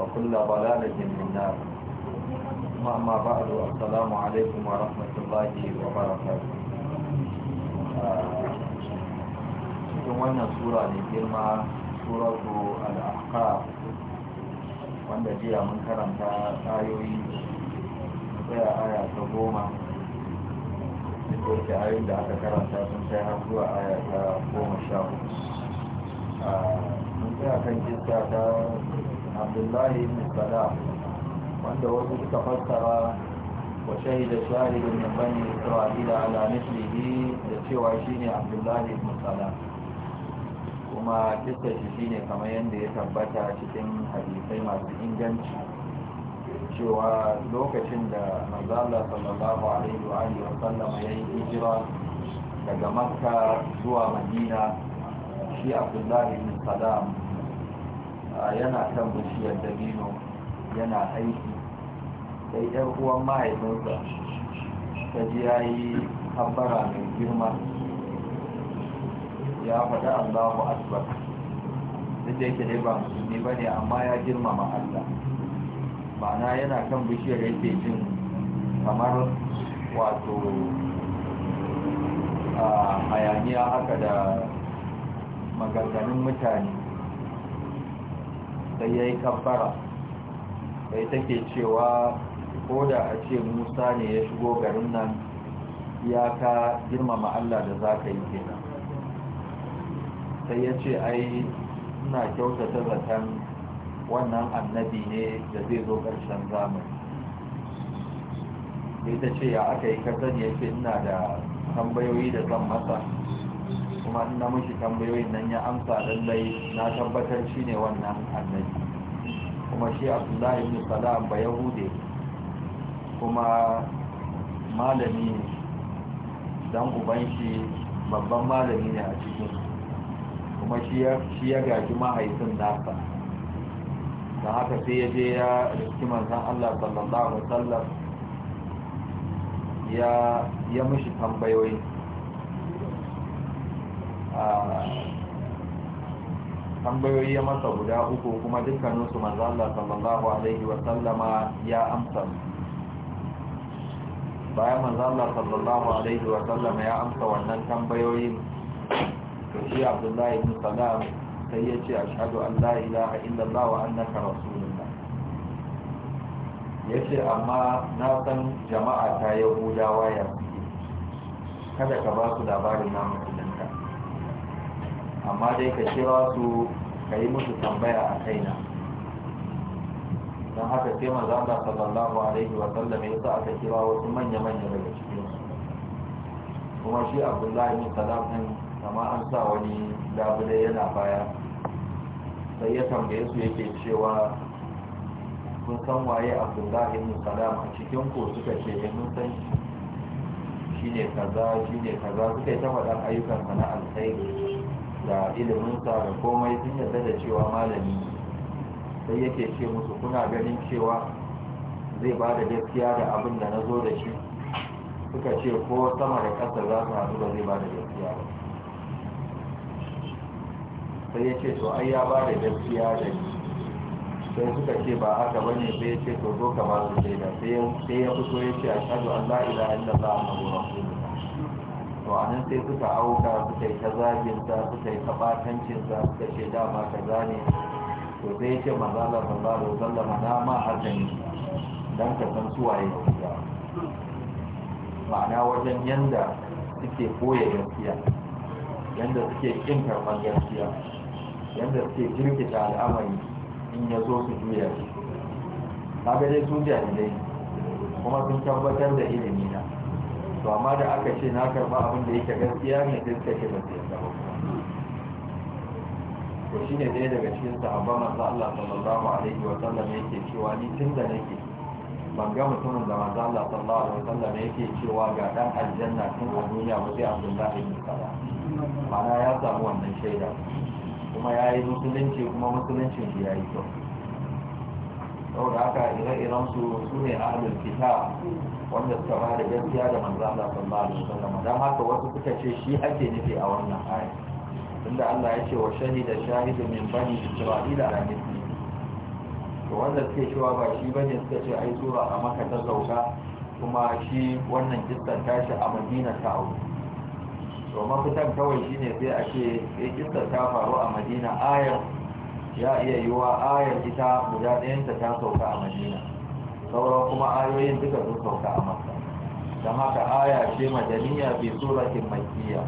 وكل ضلالة في النار أما بعد السلام عليكم ورحمة الله وبركاته cikin wannan sura ne girma suratu al'ahqaf wanda jiya mun karanta ayoyi tsaya aya ta goma duk da ayoyin da aka karanta sun kai har zuwa aya ta goma sha hudu mun tsaya kan kista ta abdullahi ibn salam wanda wasu suka fassara wa shahida shahidun min bani isra'ila ala mislihi da cewa shine abdullahi ibn salam kuma kisa shi shine kamar yadda ya tabbata cikin hadisai masu inganci cewa lokacin da manzala sallallahu alaihi wa alihi wa sallam ya yi hijira daga makka zuwa madina shi abdullahi ibn salam yana kan bishiyar dabino yana aiki sai ɗan uwan mahaifinsa ta ji ya yi habbara mai girma ya faɗi allahu akbar duk da yake dai ba musulmi ba ne amma ya girmama allah ma'ana yana kan bishiyar yake jin kamar wato a hayaniya haka da maganganun mutane sai ya yi kamfara sai take cewa ko da a ce musa ne ya shigo garin nan ya iyaka girmama allah da za ka yi kenan sai ya ce ai ina kyautata zaton wannan annabi ne da zai zo ƙarshen zamani sai ta ce ya aka yi kasan ya ina da tambayoyi da zan masa kuma in na tambayoyin nan ya amsa lallai na tabbatar shi ne wannan annabi kuma shi abdullahi ibn salam ba yahude kuma malami ne dan uban shi babban malami ne a cikin kuma shi ya gaji mahaifin nasa da haka sai ya je ya riski manzan Allah sallallahu Alaihi wasallam ya mishi tambayoyin. tambayoyi ya masa guda uku kuma dukkaninsu mazalla sallallahu alaihi wasallama ya amsa bayan mazalla sallallahu alaihi wasallama ya amsa wannan tambayoyin to shi abdullahi bin salam sai ya ce ashadu an la ilaha illallah wa annaka rasulullah ya ce amma na san jama'a ta yahudawa ya kada ka ba su labarin namu amma dai ka kira su ka yi musu tambaya a kaina don haka sai manzan da sallallahu alaihi wa sallam ya sa aka kira wasu manya-manya daga cikin kuma shi abdullahi bin salam din kama an sa wani labule yana baya sai ya tambaye su yake cewa kun san waye abdullahi bin salam a cikin ko suka ce ya eh, mun san shi ne kaza shi ne kaza suka yi ta faɗar ayyukan na alkhairi da iliminsa da komai sun yarda da cewa malami sai yake ce musu kuna ganin cewa zai ba da gaskiya da abin da na zo da shi suka ce ko sama da ƙasa za su haɗu ba zai ba da gaskiya ba sai ya ce to ai ya ba da gaskiya da ni sai suka ce ba haka ba ne sai ya ce to zo ka ba su shaida sai ya fito ya ce a shaɗu an la'ila inda za a mabu rasulun to a nan sai suka auka suka yi ta zaginsa suka yi ta suka ce dama kaza gane to sai ce mazalar zalla ma na ma har da ni don ka san suwaye gaskiya ma'ana wajen yanda suke koya gaskiya yanda suke kin karɓar gaskiya yanda suke jirkita al'amari in ya zo su juya kaga dai su jahilai kuma sun tabbatar da ilimi to amma da aka ce na karba abin da yake gaskiya ne duk da ke mutum da yarda ba to ne ɗaya daga cikin sahabba manzo Allah sallallahu alaihi wa sallam yake cewa ni tun da nake ban ga mutumin da manzo Allah sallallahu alaihi wa sallam yake cewa ga dan aljanna tun a duniya ba sai Abdullahi bin Sala ma'ana ya samu wannan shaida kuma ya yi musulunci kuma musuluncin ya yi kyau saboda haka ire-iren su su ne ahlul fita wanda suka ba da gaskiya da manzo Allah da sun wasallam dan haka wasu suka ce shi ake nufi a wannan aya tunda Allah ya ce wa shahida shahidu min bani isra'ila da nufi to wanda suke cewa ba shi bane suka ce ai sura a maka ta sauka kuma shi wannan kistan tashi a madina ta auku to mafitan kawai shine sai a ce eh, kissan ta faru a madina ayar ya iya yiwuwa ayar ita guda ɗayanta ta sauka a madina sauran kuma ayoyin duka sun sauka a makka don haka aya ce madaniya bi suratin makiya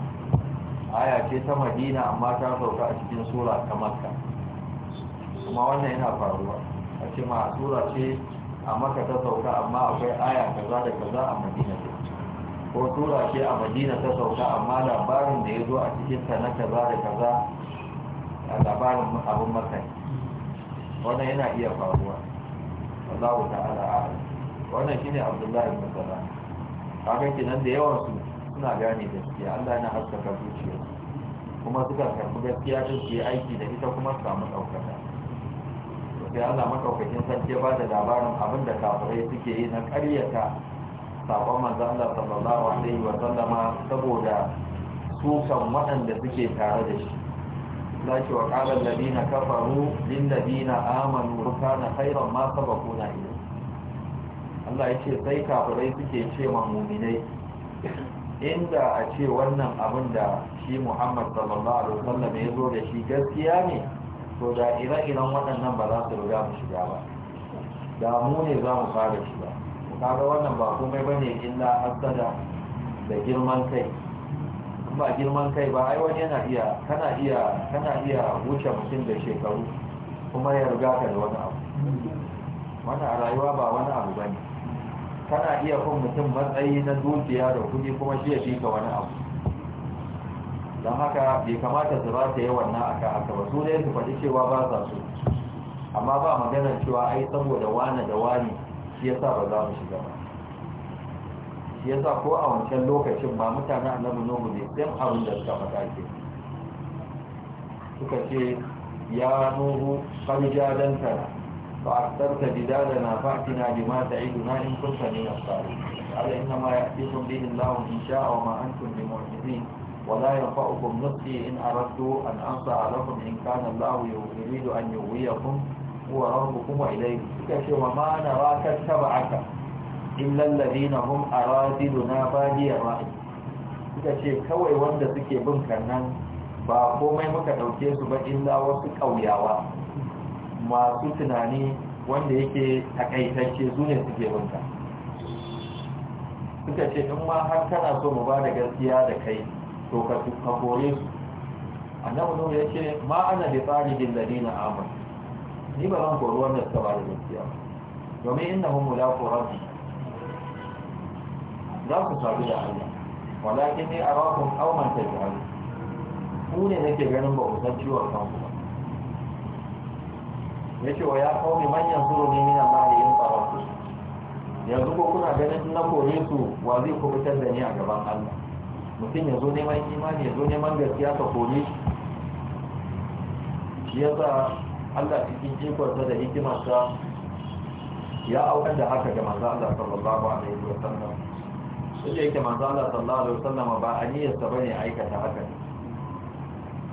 aya ce ta madina amma ta sauka a cikin sura ta makka kuma wannan yana faruwa a ce ma sura ce a makka ta sauka amma akwai aya kaza da kaza a madina ce ko sura ce a madina ta sauka amma labarin da ya zo a cikin ta na kaza da kaza a labarin abin makani wannan yana iya faruwa wallahu ta'ala a'lam wannan ne abdullahi ibn salam kinan da yawan su suna gane gaskiya Allah yana haskaka zuciya kuma suka karɓi gaskiya su ke aiki da ita kuma su samu ɗaukaka sai Allah makaukakin sarki ba da labarin abin da kafirai suke yi na ƙaryata sabon manzo Allah sallallahu alaihi wa sallama saboda sukan waɗanda suke tare da shi wa لكن وقال الذين كفروا للذين آمنوا كان خيرا ما سبقونا إليه Allah ya ce sai kafirai suke ce ma muminai inda a ce wannan abin da shi Muhammad sallallahu alaihi wasallam ya zo da shi gaskiya ne to da ire-iren waɗannan ba za su riga mu shiga ba da mu ne za mu fara shiga kaga wannan ba komai bane illa asada da girman kai ba girman kai ba ai wani yana iya kana iya kana iya wuce mutum da shekaru kuma ya riga ka da wani abu wani a rayuwa ba wani abu ba ne kana iya kun mutum matsayi na dukiya da kuɗi kuma shi ya fi ka wani abu don haka bai kamata su ba ta yi wannan aka haka ba su dai su faɗi cewa ba za su amma ba maganar cewa ai saboda wane da wani shi sa ba za mu shiga ba yasa ko a wancan lokacin ba mutane a nabi nuhu ne ɗin abin da suka faɗa ke suka ce ya nuhu farja dan tara ba a tsarta gida na fati na bi da ido na in kunta ne na faru ala inna ma ya fi sun bihin lahun in sha a ma an tun bi mu'ajibi wala ya fa'u kum nutsi in aradu an ansa alakum in kana lahu ya wuridu an yi wuya kum kuwa rarrukuma ilai suka ce wa ma na ba ka taba aka illa alladhina hum aradiluna badiya ba? suka ce kawai wanda suke bin kannan ba komai muka dauke su ba illa wasu kauyawa masu tunani wanda yake takaitacce su ne suke bin ka suka ce in ma har kana so mu ba da gaskiya da kai to ka ka kore su annabi nuhu ya ce ma ana bi tsaridin ladina amanu ni ba zan kori wanda suka ba da gaskiya domin innahum mulaqu rabbi za ku sadu da Allah walakin ne a rakun auman ta jihari ku ne nake ganin ba ku san ciwon kanku ba ya ce wa ya kawo manyan suru ne min Allah ya yin tsaron ku yanzu ko kuna ganin na kore su wa zai kubutar da ni a gaban Allah mutum ya zo neman imani ya zo neman gaskiya ka kore shi ya sa Allah cikin jikonsa da hikimarsa ya aukar da haka ga manzo Allah sallallahu alaihi wa sallam duk da yake manzo Allah sallallahu alaihi wasallam ba aniyarsa bane aikata haka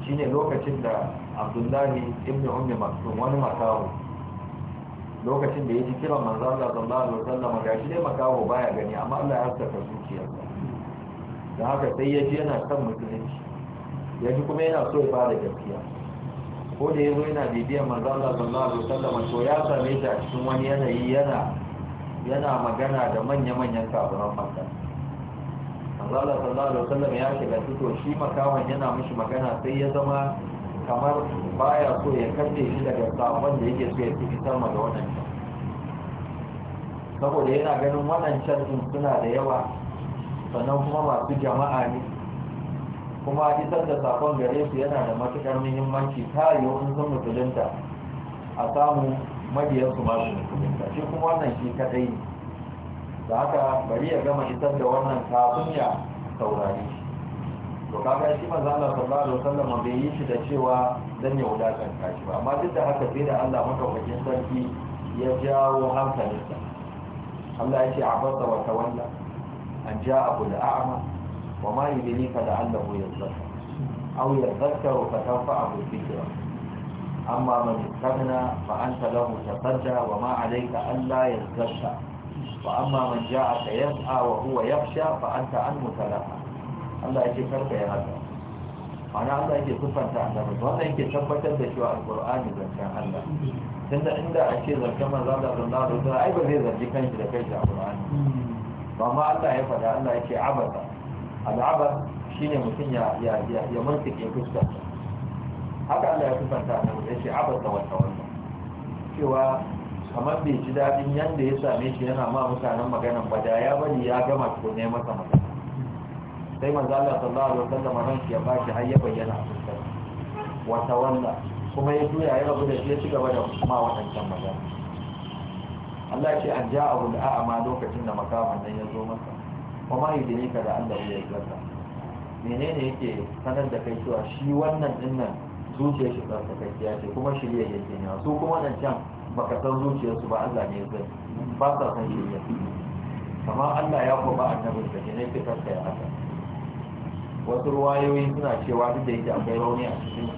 shine lokacin da Abdullahi ibn Ummi Maktum wani makawo lokacin da ya ji kiran manzo Allah sallallahu alaihi wasallam ga shi ne makawo baya gani amma Allah ya saka zuciyarsa da haka sai ya ji yana kan musulunci ya ji kuma yana so ya fara gaskiya ko da yazo yana bibiyar manzo Allah sallallahu alaihi wasallam to ya same shi a cikin wani yanayi yana yana magana da manya-manyan kafiran Makka Allah sallallahu alaihi wasallam ya shiga fito shi makawan yana mishi magana sai ya zama kamar baya so ya kalle shi daga sabon da yake so ya fi sama da wannan saboda yana ganin wannan din suna da yawa sannan kuma masu jama'a ne kuma isar da sakon gare su yana da matuƙar muhimmanci ta yiwu wa sun musulunta a samu majiyarsu masu musulunta shi kuma wannan shi kaɗai ne da haka bari ya gama isar da wannan kafin ya saurari shi to kaga shi maza Allah sallallahu alaihi wasallam bai yi shi da cewa dan ya wulakanta shi ba amma duk da haka sai da Allah madaukakin sarki ya jawo hankalinsa Allah ya ce abasa wa tawalla an ja abu da a'ma wa ma yudrika la'allahu yadhakkar aw yadhakkaru fa tanfa'ahu dhikra amma man istaghna fa anta lahu tatajja wa ma 'alayka alla yadhakkar فأما من جاءك يسعى وهو يخشى فأنت عنه تلقى الله يجي كرك يا هذا معنى الله يجي صفة تعلم وانا يجي ثبت بشواء القرآن إذا الله tunda inda a ce zargin maza da da zuwa ai ba zai zargi shi da kanshi a Qur'ani ba ma Allah ya faɗa Allah ya ce abada al'abar shine mutum ya ya ya ya haka Allah ya da ya abada cewa kamar bai ji daɗin yadda ya same shi yana ma mutanen maganan ba da ya bari ya gama ne masa magana sai manzala sallallahu alaihi wasallam ran shi ya bashi har ya bayyana cikin wata wanda kuma ya juya ya rabu da shi ya ci gaba da kuma waɗancan magana Allah ce an ja abu da a'ama lokacin da makaman nan ya zo masa kuma yi da ne ka da Allah ya zaka menene yake sanar da kai cewa shi wannan dinnan zuciyar shi tsarkakakkiya ce kuma shirye yake ne su kuma waɗancan baka san zuciyarsu ba Allah ne zai ba sa san shirya kamar Allah ya kuma annabin da ne ke kanka ya haka wasu ruwayoyi suna cewa duk da yake akwai rauni a cikin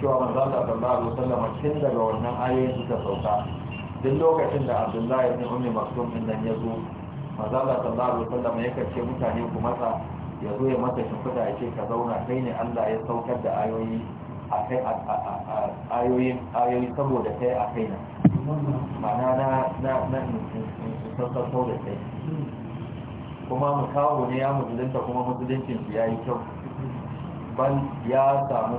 cewa manzo Allah sallallahu alaihi wasallam tun daga wannan ayoyin suka sauka duk lokacin da Abdullahi ibn Ummi Maktum din nan ya zo manzo Allah sallallahu alaihi wasallam ya kace mutane ku matsa ya zo ya masa shimfida ya ce ka zauna kai ne Allah ya saukar da ayoyi a kai a ayoyi saboda a kai na na da kai kuma mu kawo ne ya musulunta kuma musuluncin su ya yi kyau ban ya samu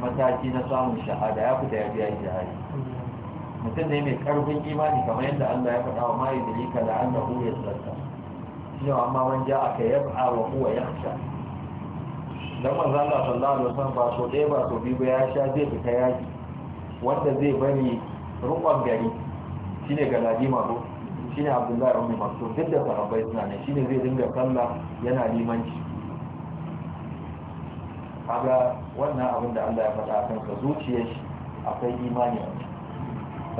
mataki na samun shahada ya fita ya biya jihari mutum ne mai karfin imani kamar yadda Allah ya faɗa wa mai dalika da da huyar tsarka shi amma wanda aka yaba wa huwa dan manzo Allah sallallahu alaihi wasallam ba so ɗaya ba so biyu ya sha zai fita yaki wanda zai bari rukon gari shine galadima ko shine Abdullahi ibn Mas'ud duk da sahabbai suna ne shine zai dinga sallah yana limanci kaga wannan abin da Allah ya faɗa kan ka zuciyar shi akwai imani a ciki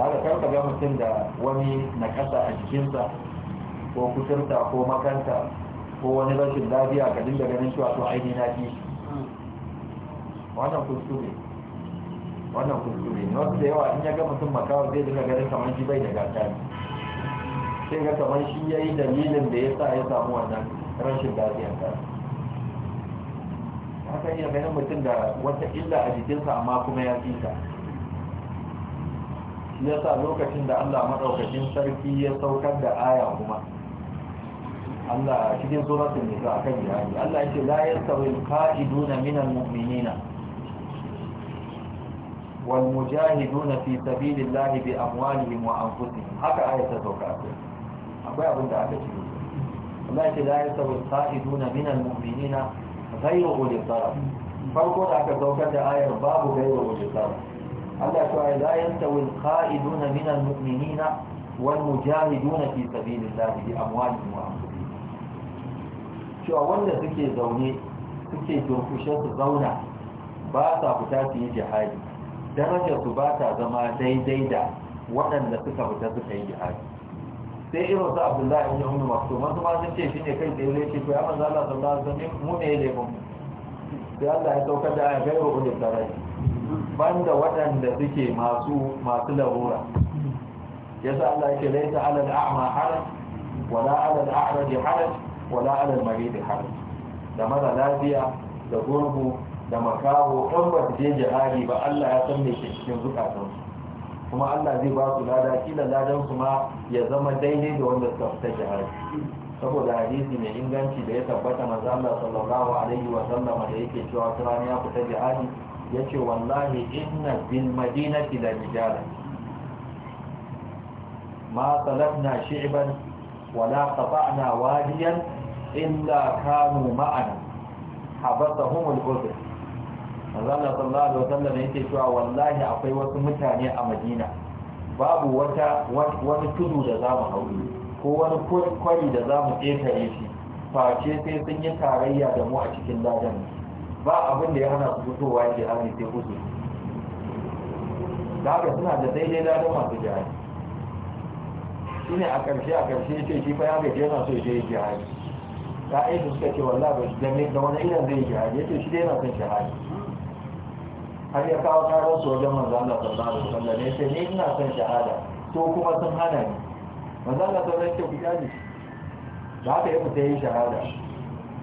kaga kan ka ga mutum da wani nakasa a jikinsa ko kuturta ko makanta ko wani rashin lafiya ka dinga ganin cewa to aini na kishi wannan kuskure wannan kuskure ne wasu da yawa in ya ga mutum makawa zai dinga ganin kamar shi bai da gata ne sai ga kamar shi ya yi dalilin da ya sa ya samu wannan rashin lafiyar ta haka iya ganin mutum da wata illa a jikinsa amma kuma ya fi ta shi ya sa lokacin da allah maɗaukacin sarki ya saukar da aya kuma Allah cikin suratul a akan jihadi Allah ya ce la yastawi al-qa'iduna minal mu'minina والمجاهدون في سبيل الله بأموالهم وأنفسهم هكا آية تتوقع أقول أبو دعك شيء الله لا يستوي القائدون من المؤمنين غير أولي الضرر فرقوا لك توقع آية باب غير أولي الضرر الله تعالى لا يستوي القائدون من المؤمنين والمجاهدون في سبيل الله بأموالهم وأنفسهم شو أولا سكي زوني سكي جنفشة زونة ba sa fita su yi jihadi darajar su ba ta zama daidai da waɗanda suka fita suka yi jihadi sai irin su abdullahi ibn umar maktum wasu ma sun ce ne kai tsaye zai ce ko ya manzo Allah sallallahu mu ne ya mu sai Allah ya saukar da aya gairu ulil darai banda waɗanda suke masu masu larura sa Allah yake laisa ta al-a'ma haraj wala ala al-a'raj haraj wala ala al-marid haraj da mara lafiya da gurgu da makaho ɗan ba su je jihari ba Allah ya san mai ke cikin zukatansu kuma Allah zai ba su lada kila ladan su ma ya zama daidai da wanda suka fita jihari saboda hadisi mai inganci da ya tabbata manzo Allah sallallahu alaihi wa sallam da yake cewa kirani ya fita jihadi yace wallahi inna bil madinati la rijala ma talabna shi'ban wala qata'na wadiyan illa kanu ma'ana Habasa, al-udhr manzana sallallahu alaihi wasallam yake cewa wallahi akwai wasu mutane a madina babu wata wani tudu da za mu hauri ko wani kwari da za mu ƙetare shi face sai sun yi tarayya da mu a cikin ladan ba abin da ya hana su fitowa yake arni sai kusu da suna da daidai ladan masu jihari shi ne a ƙarshe a ƙarshe ce shi fa ya gaje yana so ya je jihari ta aiki suka ce wallah ba shi da wani irin zai jihari ya ce shi dai yana son jihari har ya kawo karar su wajen manzo Allah sallallahu alaihi wasallam ne sai ne ina son shahada to kuma sun hana ni manzo Allah sallallahu alaihi wasallam da aka yi mutai shahada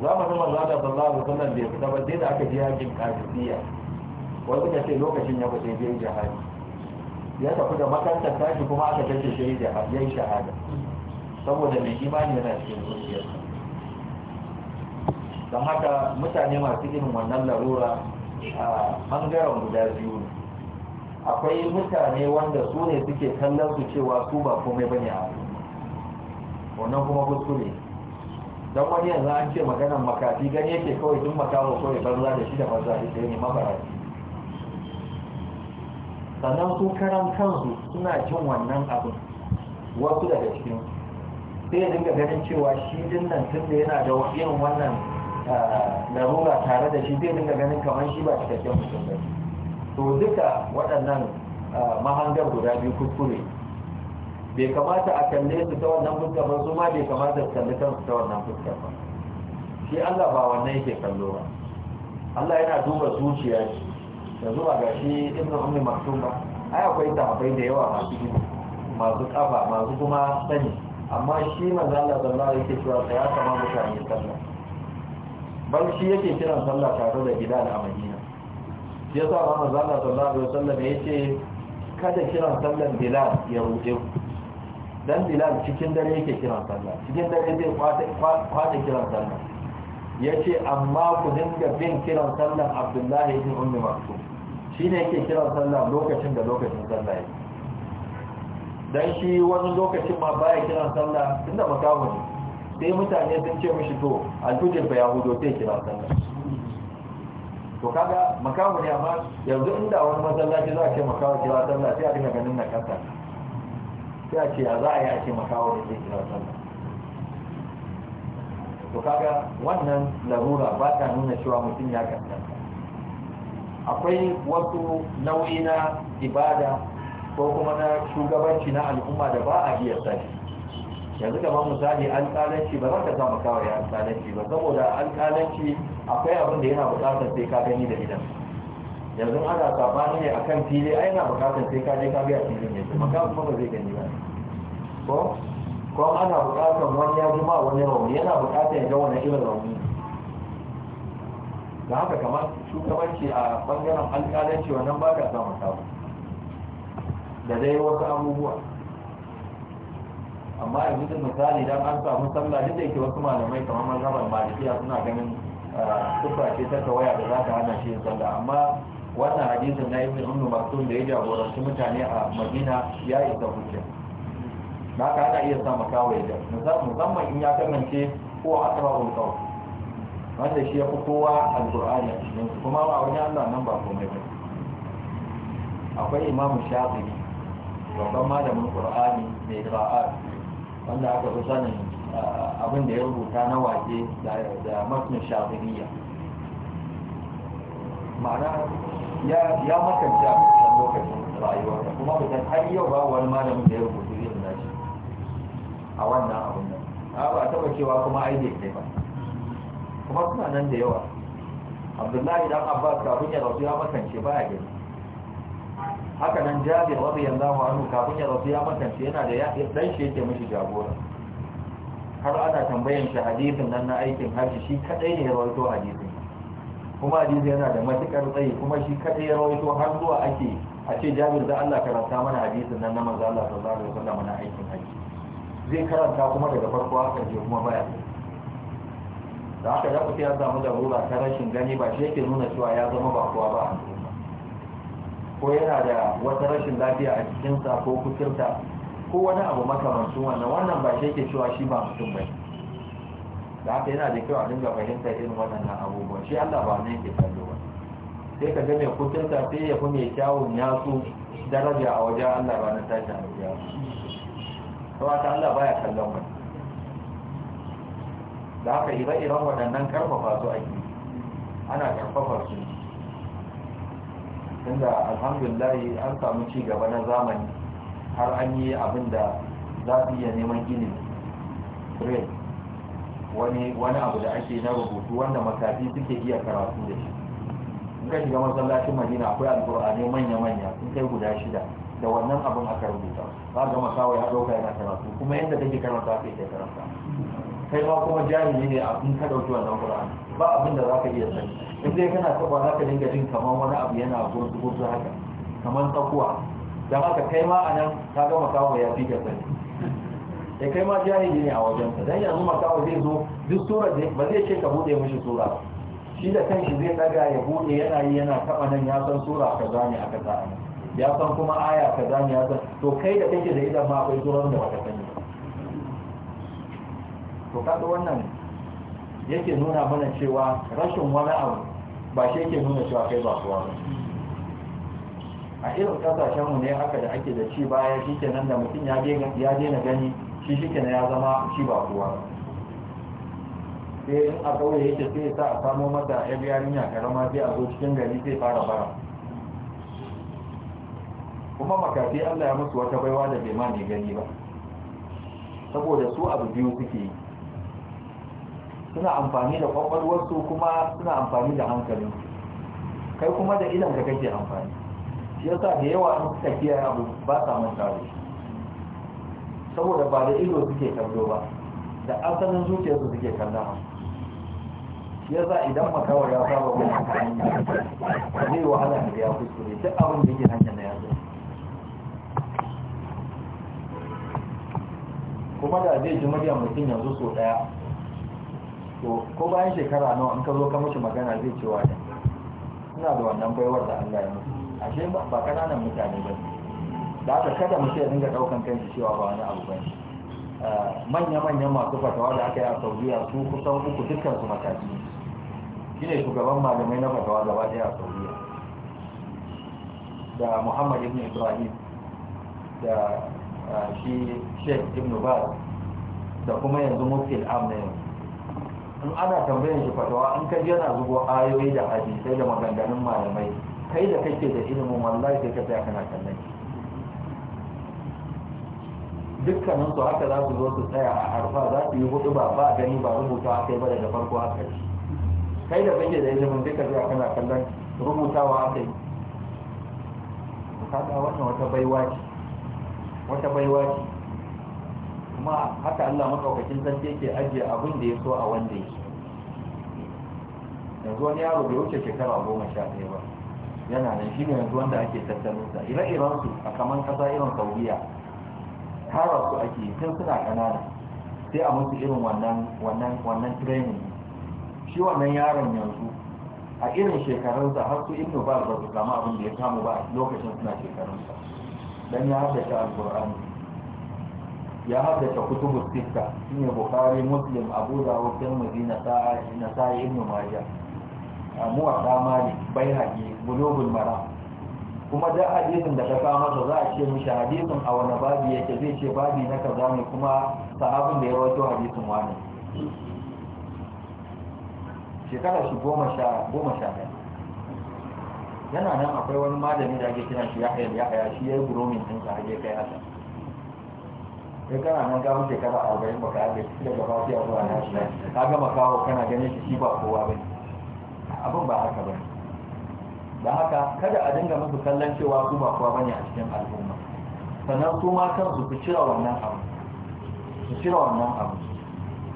shahada mu manzo Allah sallallahu alaihi wasallam bai fita ba sai da aka ji yakin qadisiyya wasu ka ce lokacin ya fita yin jihadi ya tafi da makantar tashi kuma aka tace sai ya yi shahada saboda mai imani yana cikin zuciyarsa don haka mutane masu irin wannan larura ɓangaren guda biyu ne akwai mutane wanda su ne suke kallon su cewa su ba komai bane a wannan kuma kuskure don wani yanzu an ce maganan makafi gani yake kawai tun makawo kawai banza da shi da banza da shi ne mafarati sannan su karan kansu suna cin wannan abin wasu daga cikin sai dinga ganin cewa shi dinnan tun da yana da yin wannan larura tare da shi zai dinga ganin kamar shi ba cikakken mutum ba to duka waɗannan ah, mahangar guda biyu kuskure bai kamata a kalle su ta wannan fuskar ba su ma bai kamata su kalli kansu ta wannan fuskar ba shi Allah ba wannan yake kallo ba Allah yana duba zuciya shi yanzu ga gashi ibn ummi maktum ba ai akwai sahabbai da yawa masu gini masu kafa masu kuma sani amma shi manzo Allah sallallahu alaihi wasallam yake cewa ya kama mutane sallah barci yake kiran sallah tare da bilal a madina shi yasa manzo Allah sallallahu alaihi wasallam yace kada kiran sallan bilal ya ruɗe ku dan bilal cikin dare yake kiran sallah cikin dare zai kwata kiran sallah yace amma ku dinga bin kiran sallan abdullahi ibn ummi maktum shine yake kiran sallah lokacin da lokacin sallah yake dan shi wani lokacin ma baya kiran sallah tunda makamu ne sai mutane sun ce mishi to alfijir ba ya hudo sai kira sallah to kaga makamu ne amma yanzu inda wani masallaci za a ce makawo kira sallah sai a dina ganin na kasa sai a ce ya za a yi a ce makawo ne sai kira sallah to kaga wannan larura ba ta nuna cewa mutum ya kaskanta akwai wasu nau'i na ibada ko kuma na shugabanci na al'umma da ba a iya shi. yanzu kamar misali alƙalanci ba za ka samu kawai alƙalanci ba saboda alƙalanci akwai abin da yana buƙatar sai ka gani da idan yanzu ana sabani ne akan fili ai na buƙatar sai ka je ka ga filin ne kuma ka kuma ba zai gani ba ko ko ana buƙatar wani ya ji ma wani rauni yana buƙatar ya ga wani irin rauni da haka kamar shugabanci a bangaren alƙalanci wannan ba ka samu samu da dai wasu abubuwa amma yanzu da misali dan an samu sallah duk da yake wasu malamai kamar mazhabar malikiya suna ganin kufa ah, ce ta kawaya da za ta hana shi sallah amma wannan hadisin na ibn ummu maktum da ya jagoranci mutane a madina ya isa hujja da ka ana iya sa kawai da musamman in ya kamance ko a tsararun kawai wanda shi ya fi kowa alkur'ani kuma a wani allah nan ba komai ba akwai imamu shafi babban malamin qur'ani mai ra'ar wanda aka fi sanin ah, abin da ya rubuta na waje da matsin shafiriya ma'ana ya makance a cikin lokacin da kuma fitan har yau ba wani malamin da ya rubuta irin shi a wannan abin nan ah, a ba taba cewa kuma ai bai kai ba kuma suna nan da yawa abdullahi dan abbas kafin ya rasu ya makance ba a gani haka nan jabir radiyallahu hannu kafin ya rasu ya makance yana da yaƙi ɗan shi yake mishi jagora har ana tambayan shi hadisin nan na aikin haji shi kadai ne ya rawaito hadisin kuma hadisi yana da matuƙar tsayi kuma shi kaɗai ya rawaito har zuwa ake a ce jabir da Allah karanta mana hadisin nan na manzo Allah sallallahu alaihi wasallam na aikin haji zai karanta kuma daga farko haka je kuma baya da haka da kuke ya samu da ta rashin gani ba shi yake nuna cewa ya zama ba kowa ba ko yana da wata rashin lafiya a cikinsa ko kusurta ko wani abu makamancin wannan wannan ba shi ke cewa shi ba mutum bai da haka yana da kyau a dinga fahimtar irin waɗannan abubuwa shi allah ba ne ke kallo ba sai ka ga mai kusurta sai ya fi mai kyawun yatsu daraja a wajen allah ba na tashin abuja ba ta allah baya kallon wani da haka ire-iren waɗannan karfafa su ake ana karfafa su tunda alhamdulillah an samu ci gaba na zamani har an yi abin da za su iya neman ginin. rai wani wani abu da ake na rubutu wanda makafi suke iya karatu da shi in ka shiga masallacin madina akwai alkur'ani manya-manya sun kai guda shida da wannan abin aka rubuta za ga masawai a ɗauka yana karatu kuma yadda take karanta sai ta karanta kai ma kuma jami'i ne a kun kada dauki wannan qur'ani ba abin da zaka iya sani in dai kana taba zaka dinga jin kamar wani abu yana gurdu gurdu haka kamar tsakuwa dan haka kai ma anan ka ga makawa ya fi ka sani sai eh, kai ma jami'i ne a wajensa dan yanzu makawa zai zo duk sura ne ba zai ce ka bude mishi sura shi da kanshi zai daga ya bude yana yi yana taba nan ya san sura kaza ne aka sa ya san kuma aya kaza ne ya san to kai da kake da idan ma akwai suran da baka sani to kaga wannan yake nuna mana cewa rashin wani abu ba shi yake nuna cewa kai ba kowa ba a irin kasashenmu ne haka da ake da ci baya shi nan da mutum ya daina gani shi shi kenan ya zama ci ba sai in a ƙauye yake sai sa a samo mata yar yarinya karama sai a zo cikin gari sai fara bara kuma makafi allah ya musu wata baiwa da bai ma ne gani ba saboda su abu biyu suke yi suna amfani da kwakwalwarsu kuma suna amfani da hankali kai kuma da idan ka kake amfani shi yasa da yawa in suka kiya abu ba sa manta da saboda ba da ido suke kallo ba da asalin zuciyarsu suke kallon shi yasa idan makawar ya saba wani ba zai wahala da ya kuskure duk abin da yake hanyar na yanzu. kuma da zai ji muryar mutum yanzu so daya to ko bayan shekara nawa in ka zo ka magana zai cewa ne suna da wannan baiwar da Allah ya a ashe ba kananan mutane ba da aka kada mu ya dinga daukan kanki cewa ba wani abu bane eh, manya-manyan masu fatawa da aka yi a saudiya su kusan uku dukkan su mataki shine shugaban malamai na fatawa gaba daya a saudiya da muhammad ibn ibrahim da eh, shi sheikh ibn baz da kuma yanzu mufti al'am na yanzu in ana tambayin shi fatawa in ka yana zubo ayoyi da hadisai da maganganun malamai kai da kake da ilimin wallahi sai ka tsaya kana kallon shi dukkanin su haka za su zo su tsaya a arfa za su yi hudu ba ba gani ba rubuta kai ba daga farko haka shi kai da kake da ilimin duka tsaya kana kallon rubutawa haka yi kaga wannan wata baiwa ce wata baiwa ce amma haka Allah makaukakin sarki yake ajiye abin da ya so a wanda ya so yanzu wani yaro bai wuce shekara goma sha ɗaya ba yana nan shi ne yanzu wanda ake tattalin sa ire-iren su a kaman kasa irin saudiya tara su ake tun suna ƙanana sai a musu irin wannan wannan wannan training shi wannan yaron yanzu a irin shekarunsa har su ibnu ba su samu abin da ya samu ba lokacin suna shekarunsa dan ya haɗa shi alƙur'ani ya haddace kutubu sita shine bukhari muslim abu dawud tirmidhi nasa'i nasa'i ibn majah muwatta Bai baihaqi bulugul Mara. kuma da hadisin da ka sa masa za a ce mishi hadisin a wani babi yake zai ce babi na kaza ne kuma sahabin da ya wato hadisin wani shekara shi goma sha ɗaya yana nan akwai wani malami da ake kiran shi yahaya yahaya shi ya yi guromin ɗinsa a kai ta. ya kana nan gamun shekara arba'in baka haɗe daga a zuwa nashi ka gama kawo kana ganin shi shi ba kowa ba abin ba haka ba da haka kada a dinga musu kallon cewa su ba kowa bane a cikin al'umma sannan su ma kansu su cira wannan abu su cira wannan abu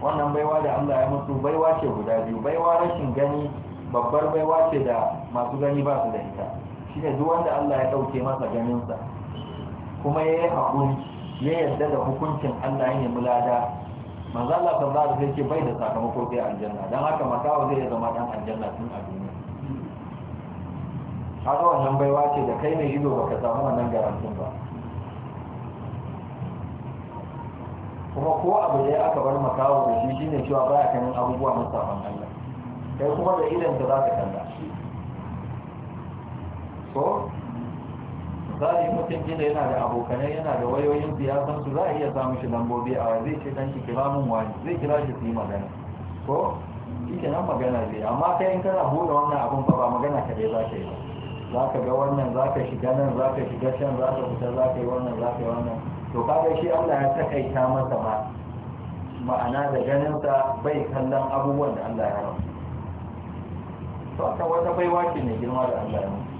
wannan baiwa da Allah ya musu baiwa ce guda biyu baiwa rashin gani babbar baiwa ce da masu gani ba su da ita Shi ne duk wanda Allah ya dauke masa ganin sa kuma yi haƙuri ya yarda da hukuncin Allah ya nemi lada manzo Allah sallallahu alaihi bai da sakamako sai aljanna dan haka Matawa zai zama dan aljanna tun a duniya haka wannan baiwa ce da kai mai ido baka samu wannan garantin ba kuma ko abu da aka bar makawa da shi shine cewa baya kanin abubuwa na saban Allah kai kuma da idan ka za ka kalla so za a yi mutum gida yana da abokanai yana da wayoyin siyasan su za a iya samun shi lambobi a zai ce dan shi kira mun wani zai kira shi su yi magana ko ita nan magana zai amma kai in kana bude wannan abun fa ba magana ka dai za ka yi ba za ka ga wannan za ka shiga nan za ka shiga can za ka fita za ka yi wannan za ka yi wannan to kaga shi Allah ya takaita masa ma ma'ana da ganinsa bai kallon abubuwan da Allah ya rabu. aka wata baiwa ce ne girma da Allah ya rabu.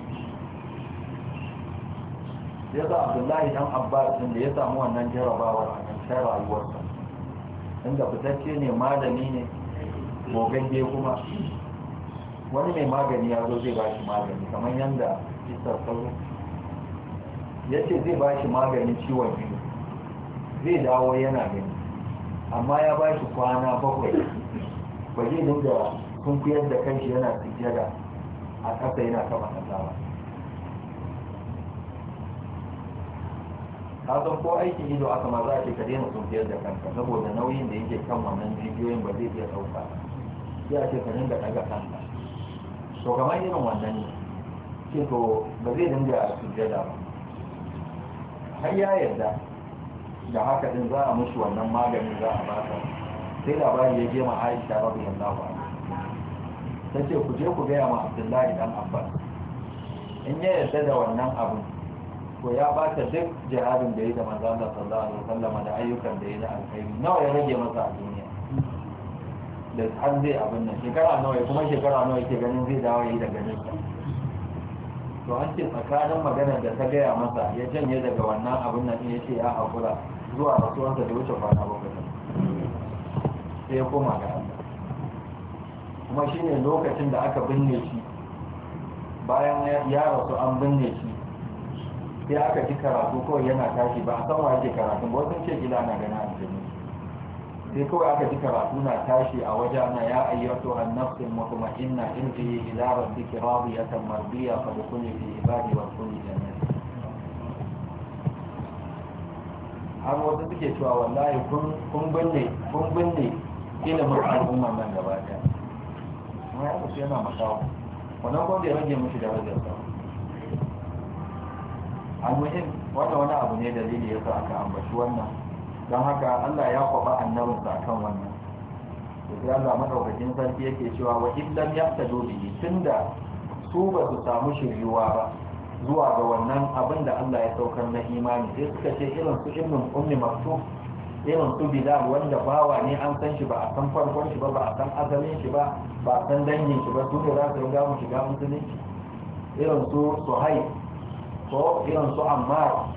ya yasa abdullahi dan abbas din da ya samu wannan jarabawa ta rayuwarsa inda fitacce ne malami ne gogagge kuma wani mai magani ya zo zai ba shi magani kamar yadda isar sauro ya ce zai ba shi magani ciwon biyu zai dawo yana gani amma ya ba shi kwana bakwai ba zai dinga kunkuyar da kanshi yana tijjada a kasa yana kama kasawa kasan ko aiki ido aka ma za ce ka daina sunkiyar da kanka saboda nauyin da yake kan wannan jijiyoyin ba zai iya sauka. sai ce ka dinga ɗaga kanka to kamar irin wannan ne ce to ba zai dinga sujjada ba har ya yarda da haka din za a mushi wannan magani za a baka sai labari ya je ma aisha babu yallahu anha ta ce ku je ku gaya ma abdullahi dan abbas in ya yarda da wannan abin to ya bata duk jihadin da ya da manzo Allah sallallahu alaihi wasallam da ayyukan da ya da alkhairi nawa ya rage masa a duniya da har zai abin nan shekara nawa kuma shekara nawa yake ganin zai dawo yi da ganin sa to an ce tsakanin maganar da ta gaya masa ya janye daga wannan abin nan ya ce ya hakura zuwa rasuwansa da wuce kwana bakwai sai ya koma ga Allah kuma shine lokacin da aka binne shi bayan ya rasu an binne shi sai aka ji karatu kawai yana tashi ba a san wa yake karatu ba sun ce gida na gana jini sai kawai aka ji karatu na tashi a wajena ya ayyato an nafsin mutma'inna irji ila ya radiyatan mardiya fa kuni fi ibadi wa kulli jannah har wasu suke cewa wallahi kun binne kun binne ilimin al'umman nan gaba ɗaya kuma ya kusa yana masawa wannan kwanza ya rage mushi da wajen sa almuhim wannan wani abu ne dalili yasa aka ambaci wannan don haka Allah ya kwaba annabinsa akan wannan da Allah madaukakin sarki yake cewa wa illam yaftadu bihi tunda su ba su samu shiryuwa ba zuwa ga wannan abin da Allah ya saukar na imani sai suka ce irin su ibn ummi maktu irin su bilal wanda bawa ne an san shi ba a san farkon shi ba ba a san azalin shi ba ba a san dangin shi ba su ne za su riga mu shiga musulunci irin su suhaib ko irin su amma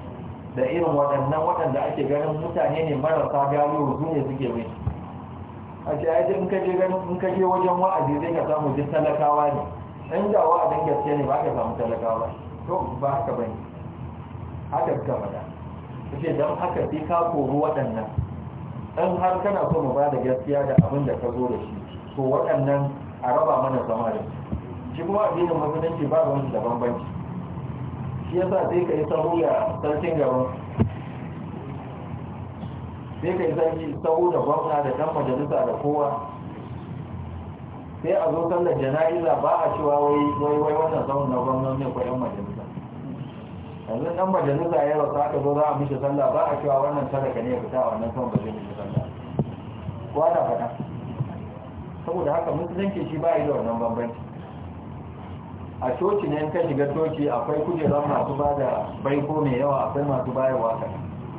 da irin waɗannan waɗanda ake ganin mutane ne marasa galiyo su ne suke mai a ce ai in ka je ganin in kaje wajen wa'azi zai ka samu duk talakawa ne in ga wa'azin gaske ne ba ka samu talakawa to ba haka bane haka suka faɗa ce don haka sai ka kori waɗannan Ɗan har kana so mu ba da gaskiya da abin da ka zo da shi to waɗannan a raba mana zama da shi kuma addinin musulunci ba wani da bambanci shi yasa sai ka yi sahu da sarkin gaban sai ka yi sarki sahu da gwamna da ɗan majalisa da kowa sai a zo sallar jana'iza ba a cewa wai wai wannan sahun na gwamnan ne ko majalisa yanzu ɗan majalisa ya rasa aka zo za a mishi sallah ba a cewa wannan talaka ne ya fita wannan sahun ba zai mishi sallah ko ana faɗa saboda haka musulunci shi ba a yi da wannan bambanci a coci ne ka shiga coci akwai kujerar masu ba da baiko mai yawa akwai masu bayarwa ka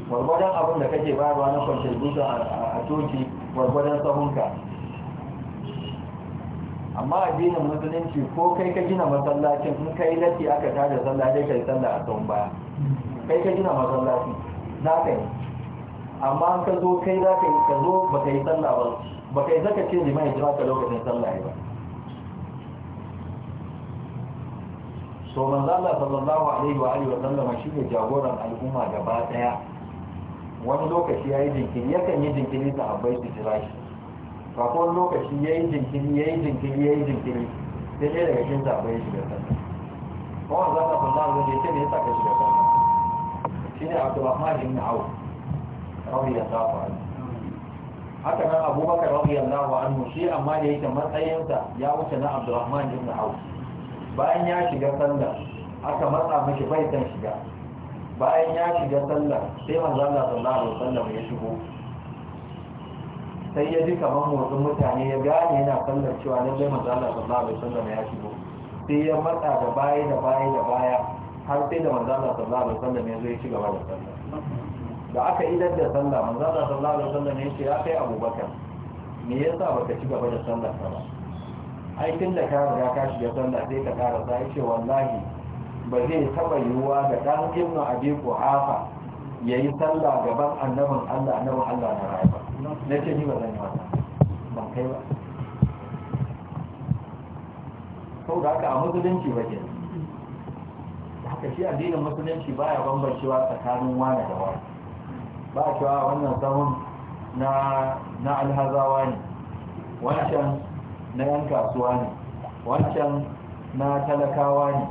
gwargwadon abin da kake bayarwa na contribution a coci gwargwadon sahunka amma addinin musulunci ko kai ka gina masallacin in kai lati aka tada sallah dai kai sallah a tsawon baya kai ka gina masallacin za ka yi amma ka zo kai za ka yi ka zo ba ka yi sallah ba ba ka yi zaka ce limai jira ka lokacin sallah ba so manzo Allah sallallahu alaihi wa alihi wa sallama shine jagoran al'umma gaba daya wani lokaci yayi jinkiri yakan yi jinkiri da abai su jira shi ba ko wani lokaci yayi jinkiri yayi jinkiri yayi jinkiri sai dai daga cikin zabai shi da sallah ko manzo Allah sallallahu alaihi wa sallam ya saka shi da sallah shine Abdurrahman ibn Auf radiyallahu anhu haka nan Abubakar radiyallahu anhu shi amma da yake matsayinsa ya wuce na Abdurrahman ibn Auf bayan ya shiga sallah aka matsa mashi bai san shiga bayan ya shiga sallah sai manzo sallallahu alaihi wasallam ya shigo sai ya ji kamar motsin mutane ya gane yana sallar cewa lalle manzo Allah sallallahu alaihi wasallam ya shigo sai ya matsa da baya da baya da baya har sai da manzo sallallahu alaihi wasallam ya zo ya ci gaba da sallah da aka idar da sallah manzo sallallahu alaihi wasallam ya ce ya kai Abubakar me yasa baka ci gaba da sallah ba aikin tun da ka riga ka shiga sallah sai ka kara sa ce wallahi ba zai taɓa yiwuwa ga dan ibnu abi quhafa ya yi sallah gaban annabin allah annabin allah na rayuwa na ce ni ba zan yi wannan ban kai ba sau da haka a musulunci ba ke haka shi addinin musulunci baya bambancewa tsakanin wani da wani ba a cewa wannan sahun na alhazawa ne wancan na yan kasuwa ne wancan na talakawa ne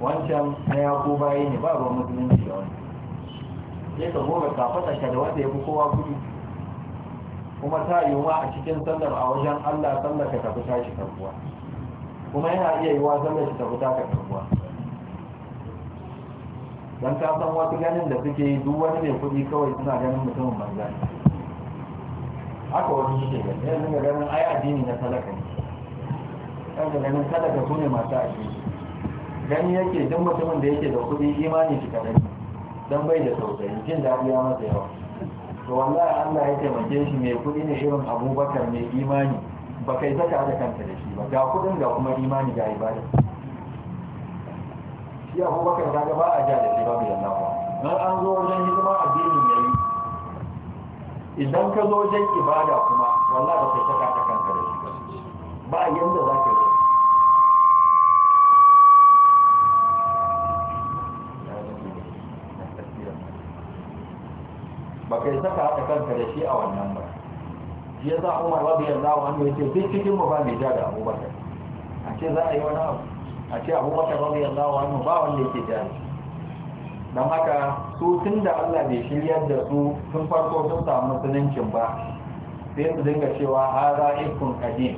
wancan na yaku baye ne ba ruwan musulunci da wani sai ka goga ka da wanda ya fi kowa kudi kuma ta yiwuwa a cikin sallar a wajen allah sallar ka tafi tashi karbuwa kuma yana iya yi wa sallar ka tafi tashi karbuwa don ka san wasu ganin da suke yi duk wani mai kudi kawai suna ganin mutumin banza haka wani shi ne yanzu ga ganin ai addini na talaka ne sai da ganin talaka su ne masu ake gani yake duk mutumin da yake da kuɗi imani shi kadai don bai da tausayi jin daɗi ya masa yawa to wallahi Allah ya taimake shi mai kuɗi ne irin abubakar mai imani ba kai zaka da kanta da shi ba ga kuɗin ga kuma imani ga ibada shi abubakar ta ba a ja da shi babu yanna ba don an zo wajen hidima addini ya yi idan ka zo wajen ibada kuma wallahi ba kai zaka da kanta da shi ba ba yanda za ka yi ba kai saka haɗa kanka da shi a wannan ba shi ya sa umar yanzu anhu ya ce sai cikin mu ba mai ja da abubakar a ce za a yi wani abu a ce abubakar radiyallahu wani ba wanda yake ja da don haka su tun da allah bai shiryar da su tun farko sun samu sunancin ba sai su dinga cewa haza ikun kadim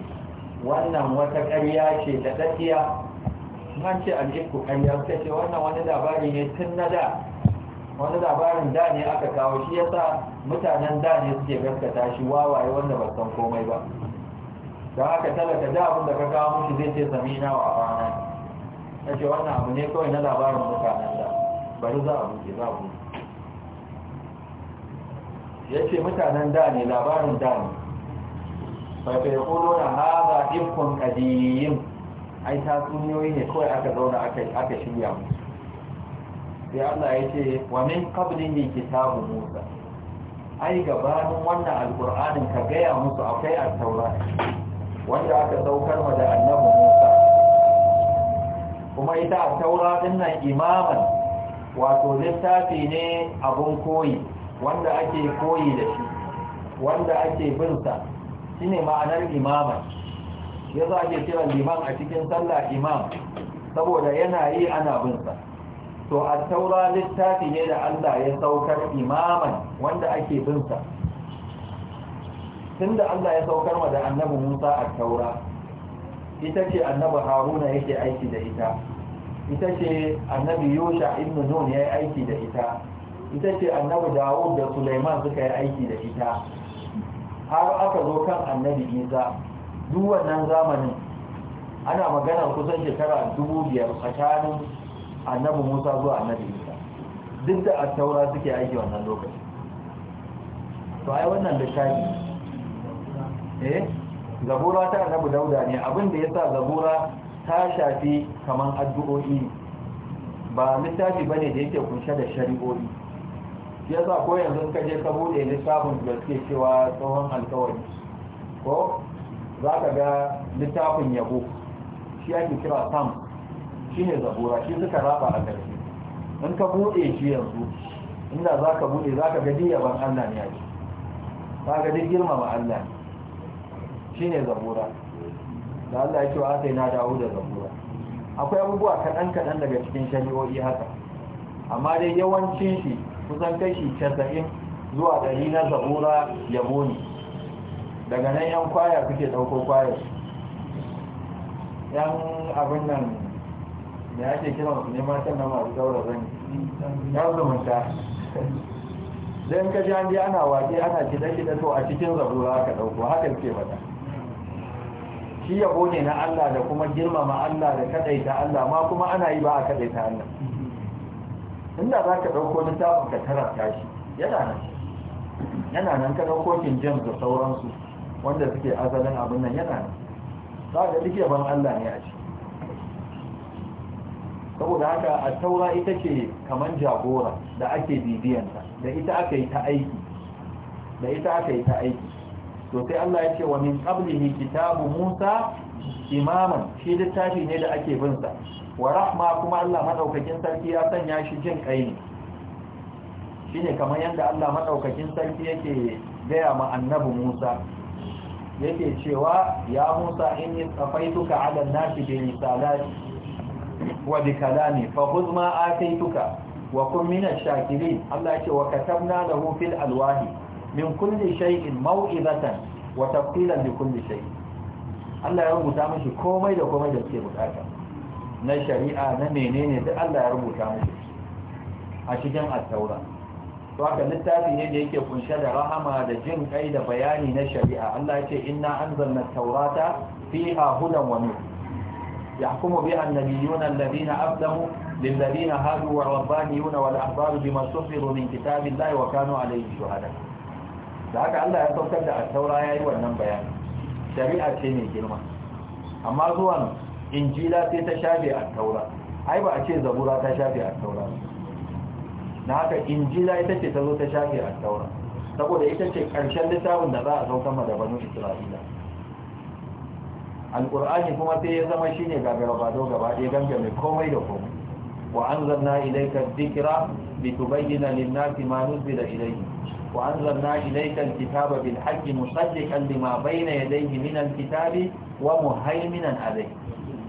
wannan wata ƙarya ce da tsakiya an ce al'ikku ƙarya suka ce wannan wani labari ne tun na da wani labarin da ne aka kawo shi yasa mutanen da ne suke gaskata shi wawaye wanda ba san komai ba da haka talaka da abin da ka kawo mushi zai ce sami na wa bana ta ce wannan abu ne kawai na labarin mutanen da bari za a buke za a buke ya ce mutanen da ne labarin da ne faifai Kuno na haza ikon kadiyin ai tatsuniyoyi ne kawai aka zauna aka shirya musu sai Allah ya ce wa min qablihi kitabu Musa ai gabanin wannan alqur'anin ka gaya musu akwai at wanda aka saukar wa da annabi Musa kuma ita at nan imaman wato littafi ne abun koyi wanda ake koyi da shi wanda ake bin sa shine ma'anar imaman yasa ake kira liman a cikin sallah imam saboda yana yi ana bin sa to a taura littafi ne da Allah ya saukar imaman wanda ake binsa tun da Allah ya saukar wa da annabi Musa a taura ita ce annabi Haruna yake aiki da ita ita ce annabi Yosha ibn Nun ya yi aiki da ita ita ce annabi Dawud da Sulaiman suka yi aiki da ita har aka zo kan annabi Isa duk wannan zamanin ana magana kusan shekara dubu biyar tsakanin annabi musa zuwa annabi isa duk da taura suke aiki wannan lokaci to ai wannan littafi eh zabura ta annabi dauda ne abin da yasa zabura ta shafi kaman addu'o'i ba littafi ne da yake kunshe da shari'o'i yasa ko yanzu ka je ka buɗe littafin da suke cewa tsohon alkawari ko za ka ga littafin yabo shi ake kira sam ne zabura shi suka raba a ƙarfi in ka buɗe shi yanzu inda za ka buɗe za ka gadi yaban allah ne yaki za ka girma girmama allah ne ne zabura da allah ya ce wa aka yi na dawo da zabura akwai abubuwa kaɗan-kaɗan daga cikin shari'o'i haka amma dai yawancin shi kusan kashi casa'in zuwa ɗari na zabura yabo ne daga nan yan kwaya kuke ɗauko kwaya yan abin nan ya ake kira masu neman kan na masu daura zani ya zumunta don ka ji an je ana waje ana kida kiɗa to a cikin zabura ka dauko, haka ke mata shi yabo ne na Allah da kuma girmama Allah da kadaita Allah ma kuma ana yi ba a kadaita Allah inda za ka ni littafin ka tara shi yana nan yana nan ka dauko kin james da sauransu wanda suke asalin abin nan yana nan za ka dike ban Allah ne a ciki saboda haka a taura ita ce kamar jagora da ake bibiyanta da ita aka yi ta aiki da ita aka yi ta aiki to sai Allah ya ce wa min qablihi kitabu Musa imaman shi littafi ne da ake bin sa wa rahma kuma Allah madaukakin sarki ya sanya shi jin kai ne shine kamar yanda Allah madaukakin sarki yake gaya ma annabi Musa yake cewa ya Musa inni safaituka ala nasi bi risalati wa bi kalami fa khudh ma ataituka wa kun min shakirin Allah ya ce wa katabna lahu fil alwahi min kulli shay'in maw'izatan wa tafsilan li kulli shay'in Allah ya rubuta mishi komai da komai da suke bukata na shari'a na menene duk Allah ya rubuta mishi a cikin at-taura to haka littafi ne da yake kunshe da rahama da jin kai da bayani na shari'a Allah ya ce inna anzalna at-taurata fiha hudan wa nur يحكم بها النبيون الذين أبلغوا للذين هادوا والربانيون والأحبار بما سفروا من كتاب الله وكانوا عليه شهداء لذلك الله يتوكد التوراة يأي والنبيان شريعة شيء جلما أما ذوان إنجيلا تتشابه التوراة أي بقى شيء زبورة تشابه التوراة لذلك إنجيلا تتشابه التوراة saboda ita ce ƙarshen littafin da za a sauka ma da banu isra'ila Alƙur'ani kuma sai ya zama shine gagara bado gaba ɗaya gangame komai da komai wa anzalna ilayka dhikra litubayyana lin-nasi ma nuzila ilayhim wa anzalna ilayka Ilaikar kitaba bil haqqi musaddiqan lima bayna yadayhi min al-kitabi wa muhaiminan alayhi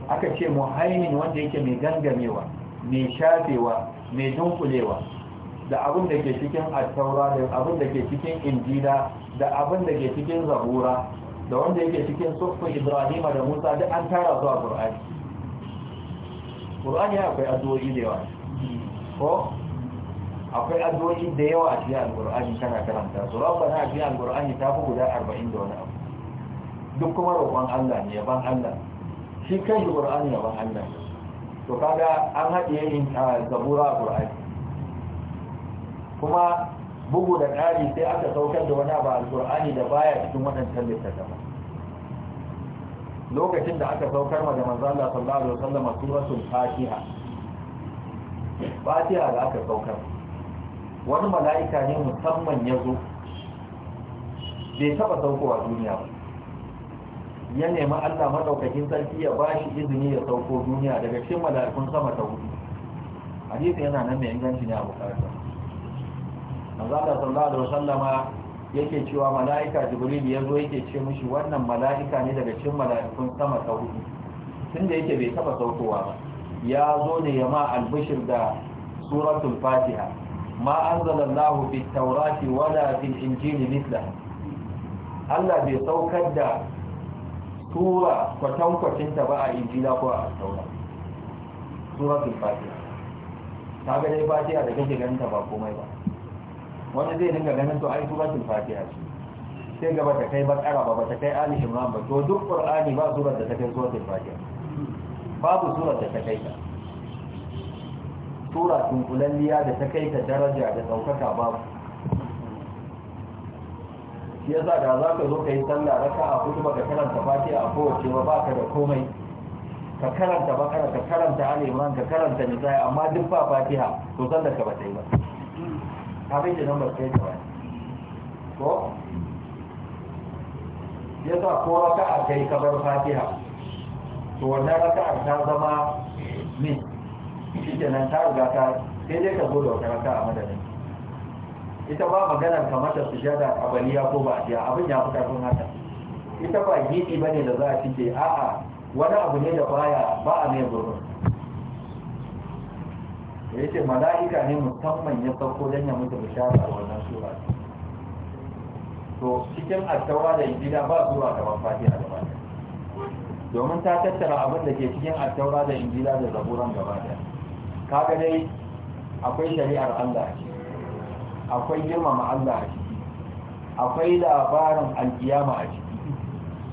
aka ce muhaimin wanda yake mai gangamewa mai shafewa mai dunkulewa da abin da ke cikin attaura da abin da ke cikin injila da abin da ke cikin zabura da wanda yake cikin suffin ibrahim da musa da an tara zuwa qur'ani qur'ani akwai addu'o'i da yawa ko akwai addu'o'i da yawa a cikin alqur'ani kana karanta su na a cikin alqur'ani ta fi guda 40 da wani abu duk kuma roƙon Allah ne yaban Allah shi kan shi qur'ani yaban Allah to kaga an haɗe yin zabura a qur'ani kuma bugu da ƙari sai aka saukar da wani abu alƙur'ani da baya cikin waɗancan littattafa. lokacin da aka saukar ma da manzo sallallahu alaihi wasallam suratul fatiha fatiha da aka saukar wani mala'ika ne musamman ya zo bai taba saukowa duniya ba ya nemi Allah maɗaukakin sarki ya ba shi izini ya sauko duniya daga cikin mala'ikun sama ta hudu hadisi yana nan mai inganci ne a bukatar manzala sallallahu alaihi wasallama yake cewa mala'ika jibril ya zo yake ce mishi wannan mala'ika ne daga cikin mala'ikun sama ta hudu tunda yake bai taba saukowa ba ya zo ne ya ma albishir da suratul fatiha ma anzalallahu fit taurati wala fi injili mithla Allah bai saukar da tura kwatankwacin ta ba a injila ko a taura suratul fatiha ta ga dai fatiha da kake ganin ta ba komai ba wani zai dinga ganin to ai suratul fatiha ce sai gaba ta kai bakara ba ta kai ali imran ba to duk qur'ani ba surar da ta kai suratul fatiha babu surar da ta kai ta sura kulalliya da ta kai ta daraja da daukaka babu shi yasa da za ka zo ka yi sallah raka'a hudu ka karanta fatiha a kowace ba ka da komai ka karanta bakara ka karanta imran ka karanta nisa amma duk ba fatiha to sallar ka ba ta yi ba abin da nan ba sai ta wani ko ya sa ko raka a kai kamar fatiha to wannan raka ta zama min shi nan ta riga ta sai dai ka zo da wata raka a madadin ita ba maganar kamata su jada a baliya ko ba a abin ya fi karfin haka ita ba gidi ba ne da za a cike a'a wani abu ne da baya ba a mai gurbin da ce mala'ika ne musamman ya sauko don ya mutu bishara a wannan sura to cikin attaura da injila ba zuwa gaban fatiha a bata domin ta tattara abin da ke cikin attaura da injila da zaburan gaba da kaga dai akwai shari'ar Allah akwai girmama Allah a ciki akwai labarin alkiyama a ciki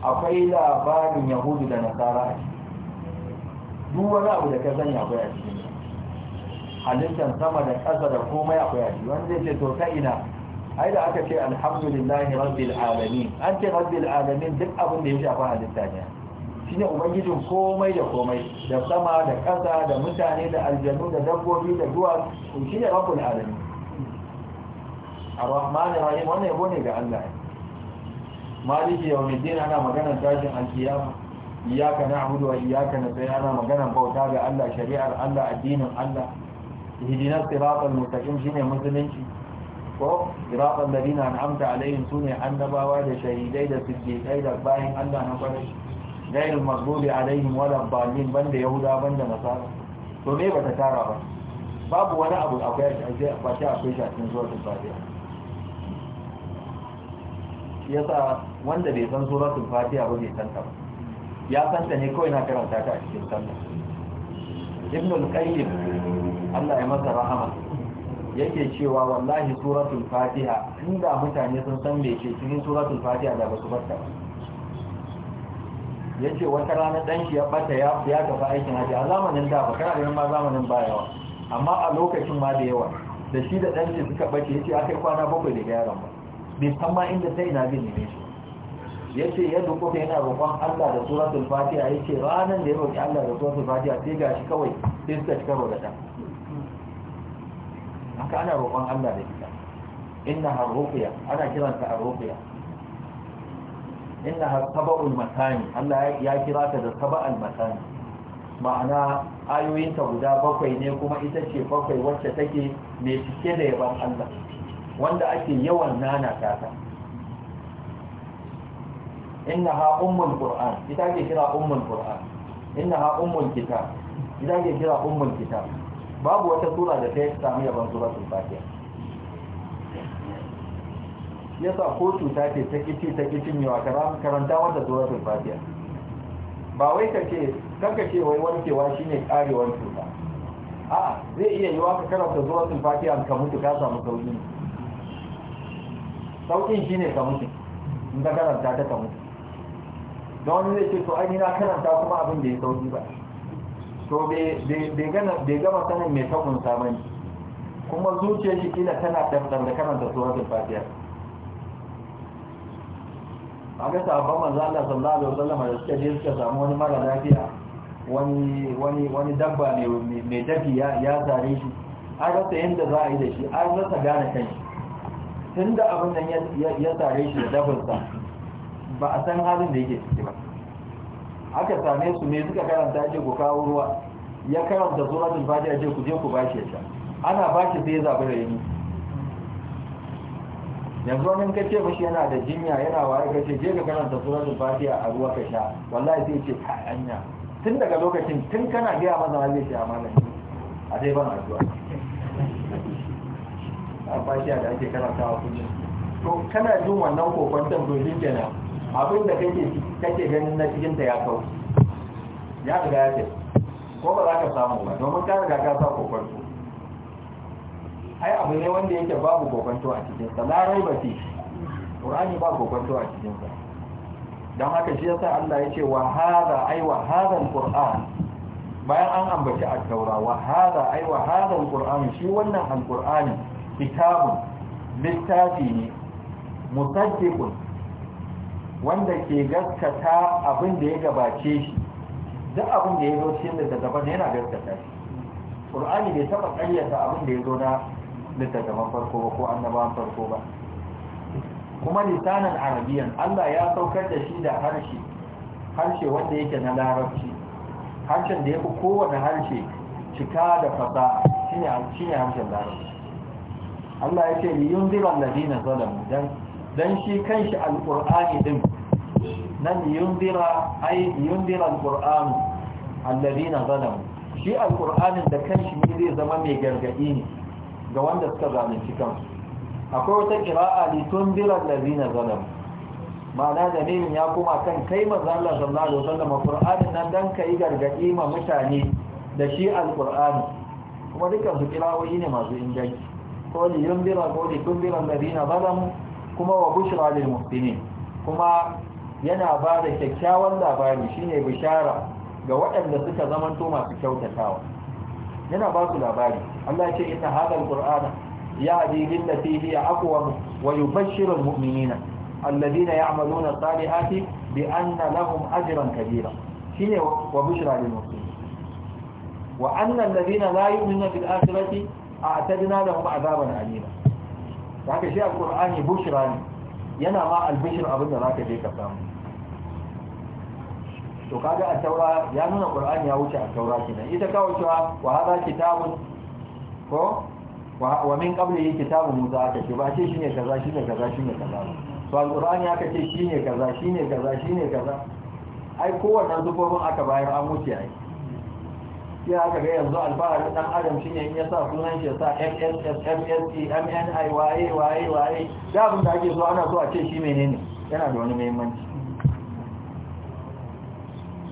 akwai labarin yahudu da nasara a ciki duk wani abu da ka sani akwai a cikin halittar sama da ƙasa da komai akwai a shi wanda zai ce to ta ina ai da aka ce alhamdulillahi rabbil alamin an ce rabbil alamin duk abin da ya shafa halitta ne shine ubangijin komai da komai da sama da ƙasa da mutane da aljanu da dabbobi da duwatsu shine rabbul alamin ar-rahman rahim wannan yabo ne ga Allah maliki yawmiddin ana maganar tashin alkiyama iyyaka na'budu wa na nasta'in ana maganar bauta ga Allah shari'ar Allah addinin Allah hidina siratal mustaqim shine musulunci ko siratal ladina an'amta alaihim sune annabawa da shahidai da siddiqai da bayin Allah na kwarai gairul maghdubi alaihim wala dhalin banda yahuda banda nasara to me bata tara ba babu wani abu akwai akwai ba ta akwai shafin zuwa fatiha yasa wanda bai san suratul fatiha ba bai san ta ba ya san ta ne kawai na karanta ta a cikin sallah ibn al-qayyim Allah ya masa rahama yake cewa wallahi suratul fatiha inda mutane sun san me ke cikin suratul fatiha da basu barta ba yace wata rana dan shi ya bata ya ya tafi aikin haji a zamanin da ba kana ganin ma zamanin ba yawa amma a lokacin ma da yawa da shi da dan shi suka bace yace kai kwana bakwai da yaron ba bai san ma inda sai na bin ne yace yace yadda kai yana roƙon Allah da suratul fatiha yace ranan da ya roƙi Allah da suratul fatiha sai shi kawai sai suka cika roƙata. haka ana roƙon Allah da ita inna har ruqiya ana kiranta ar ruqiya inna har saba'ul matani Allah ya kira ta da saba'al matani ma'ana ayoyinta guda bakwai ne kuma ita ce bakwai wacce take mai cike da yaban Allah wanda ake yawan nana ta ta ha ummul qur'an ita ke kira ummul qur'an ha ummul kitab ita ke kira ummul kitab babu wata sura da ta samu yaban suratul fatiha yasa ko cuta ce ta kici ta kicin yawa karanta wata suratul fatiha ba wai ka ce kanka ce wai wankewa shine karewar cuta a zai iya yi ka karanta suratul fatiha ka mutu ka samu sauki saukin shine ka mutu in ka karanta ta ka mutu don zai ce to ai na karanta kuma abin da ya sauki ba to bai gama sanin mai takun samani kuma zuciyar shi kila tana ɗanɗan da karanta suwa fatiha a ga sabon manzo sallallahu alaihi wasallam da suka je suka samu wani mara lafiya wani dabba mai dafi ya zare shi an rasa yadda za a yi da shi an rasa gane kai da abin nan ya zare shi da dafinsa ba a san halin da yake ciki ba aka same su me suka karanta ya ce ku kawo ruwa ya karanta suratul fatiha ya ce ku je ku bashi shi ta ana bashi sai ya zabi yini yanzu wani ka ce mashi yana da jinya yana waye ka ce je ka karanta suratul fatiha a ruwa ka sha wallahi sai ce ka anya tun daga lokacin tun kana gaya maza wani zai ce a malami a dai ban addu'a a fatiha da ake karanta wa kullum to kana jin wannan kokon tambayoyin kenan abin da kake kake ganin na cikin ta ya kawo ya riga ya tafi ko ba za ka samu ba domin ka riga ka sa kokonto ai abu ne wanda yake babu kokonto a cikin sa la ba fi qur'ani ba kokonto a cikin sa dan haka shi yasa Allah ya ce wa ai wa hadha alquran bayan an ambaci at-taura wa ai wa hadha alquran shi wannan alqur'ani kitabun littafi ne musaddiqun wanda ke gaskata abin da ya gabace shi duk abin da ya zo cikin littattafan yana gaskata shi ƙur'ani bai taɓa ƙayyata abin da ya zo na littattafan farko ba ko annabawan farko ba kuma lisanin arabiyan Allah ya saukar da shi da harshe harshe wanda yake na larabci harshen da ya fi kowane harshe cika da fasa shine harshen larabci Allah ya ce liyun ziran ladina zalamu dan dan shi kanshi alqur'ani din nan yundira ay yundira alqur'an alladina zalamu shi alqur'anin da kanshi ne zai zama mai gargadi ne ga wanda suka zalunci kansu akwai wata qira'a li tundira alladina zalamu ma'ana da dalilin ya kuma kan kai manzo Allah sallallahu alaihi wasallam alqur'anin nan dan kai gargadi ma mutane da shi alqur'ani kuma dukkan su kirawoyi ne masu inganci ko li yundira ko li tundira alladina zalamu kuma wa bushra lil muhsinin kuma yana ba da kyakkyawan labari shine bishara ga waɗanda suka zamanto masu kyautatawa yana ba su labari Allah ce inna hadal qur'ana yahdi lil lati hiya aqwam wa yubashshiru al mu'minina alladhina ya'maluna salihati bi anna lahum ajran kabira shine wa bushra lil mu'minin wa anna alladhina la yu'minuna bil akhirati a'tadna lahum 'adaban alima haka shi Alƙur'ani bushira ne yana ma albishir abin da zaka je ka samu to kaga a taura ya nuna qur'ani ya wuce a taura kenan ita kawai cewa wa hada kitabun ko wa min qabli kitabun musa aka ce ba ce ne kaza shi ne kaza shi ne kaza to ya aka ce ne kaza shi ne kaza ne kaza ai kowannen zubobin aka bayar an wuce ai shi aka ga yanzu alfaharin dan adam shine in ya sa sunan shi sa MSS MSC MNI waye waye waye da abin da ake so ana so a ce shi menene yana da wani muhimmanci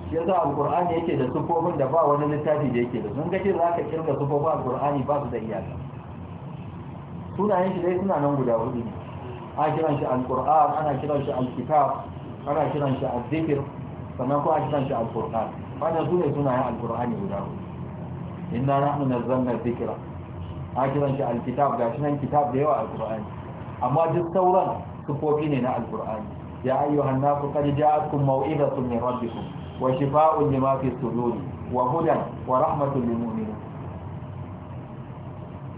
shi yasa alqur'ani yake da sufofin da ba wani littafi da yake da sun za ka kirga sufofin alqur'ani ba su da iyaka sunayen shi dai suna nan guda hudu ne ana kiran shi alqur'an ana kiran shi alkitab ana kiran shi Alzikir, sannan ko ana kiran shi alqur'an wannan sune sunayen alqur'ani guda hudu inna nahnu nazzalna dhikra akiran shi alkitab gashi nan kitab da yawa alqur'ani amma duk sauran sufofi ne na alqur'ani ya ayyuhan nasu qad ja'akum maw'izatun min rabbikum wa shifaa'un lima fi suduri wa hudan wa rahmatun lil mu'minin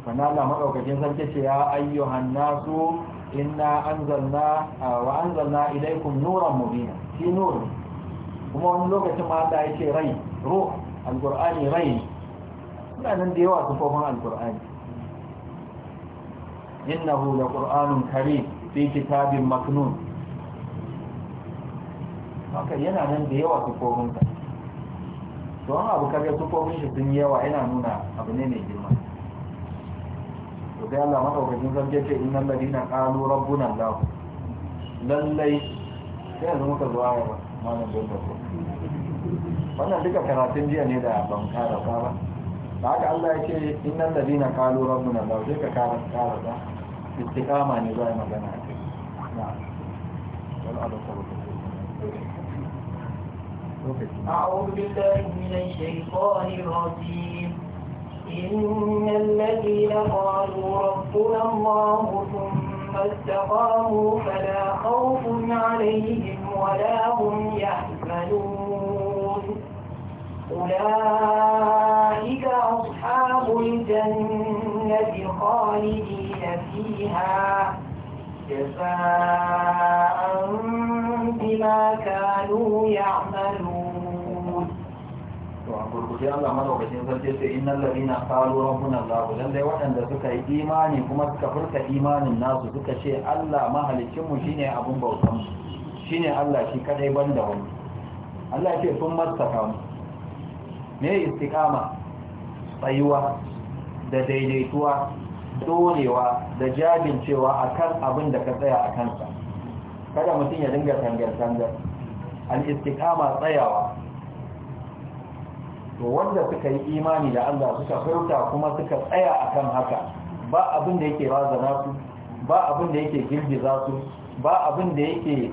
kana Allah madaukakin sarki ce ya ayyuhan nasu inna anzalna wa anzalna ilaykum nuran mubina shi nur kuma wani lokacin ma Allah ya ce rai ruh alqur'ani rai mutanen nan da yawa sufofin alkur'ani innahu laqur'anun karim fi kitabin maknun haka yana nan da yawa sufofin ta to an abu kaga sufofin shi sun yawa yana nuna abu ne mai girma to sai Allah madaukakin sarki ce innal ladina qalu rabbuna Allah lallai sai yanzu muka zo ayar malam bin wannan duka karatun jiya ne da ban kara ba da haka Allah ya ce innan da dina kalu rabbuna da sai ka kara kara ba istiqama ne za a magana a kai أعوذ بالله من الشيطان الرجيم إن الذين قالوا ربنا الله ثم استقاموا فلا خوف عليهم ولا هم يحزنون أولئك أصحاب الجنة خالدين فيها جزاء بما كانوا يعملون sai Allah madaukakin sarki sai innal ladina qalu rabbuna Allah lalle waɗanda suka yi imani kuma suka furta imanin nasu suka ce Allah mahalicin mu shine abun bautan mu shine Allah shi kadai banda wani Allah ya ce sun mastaka mu me istiqama tsayuwa da daidaituwa dorewa da a akan abin da ka tsaya a kansa kada mutum ya dinga tangar-tangar an istiqama tsayawa to wanda suka yi imani da Allah suka furta kuma suka tsaya akan haka ba abin da yake razana su ba abin da yake girgiza su ba abin da yake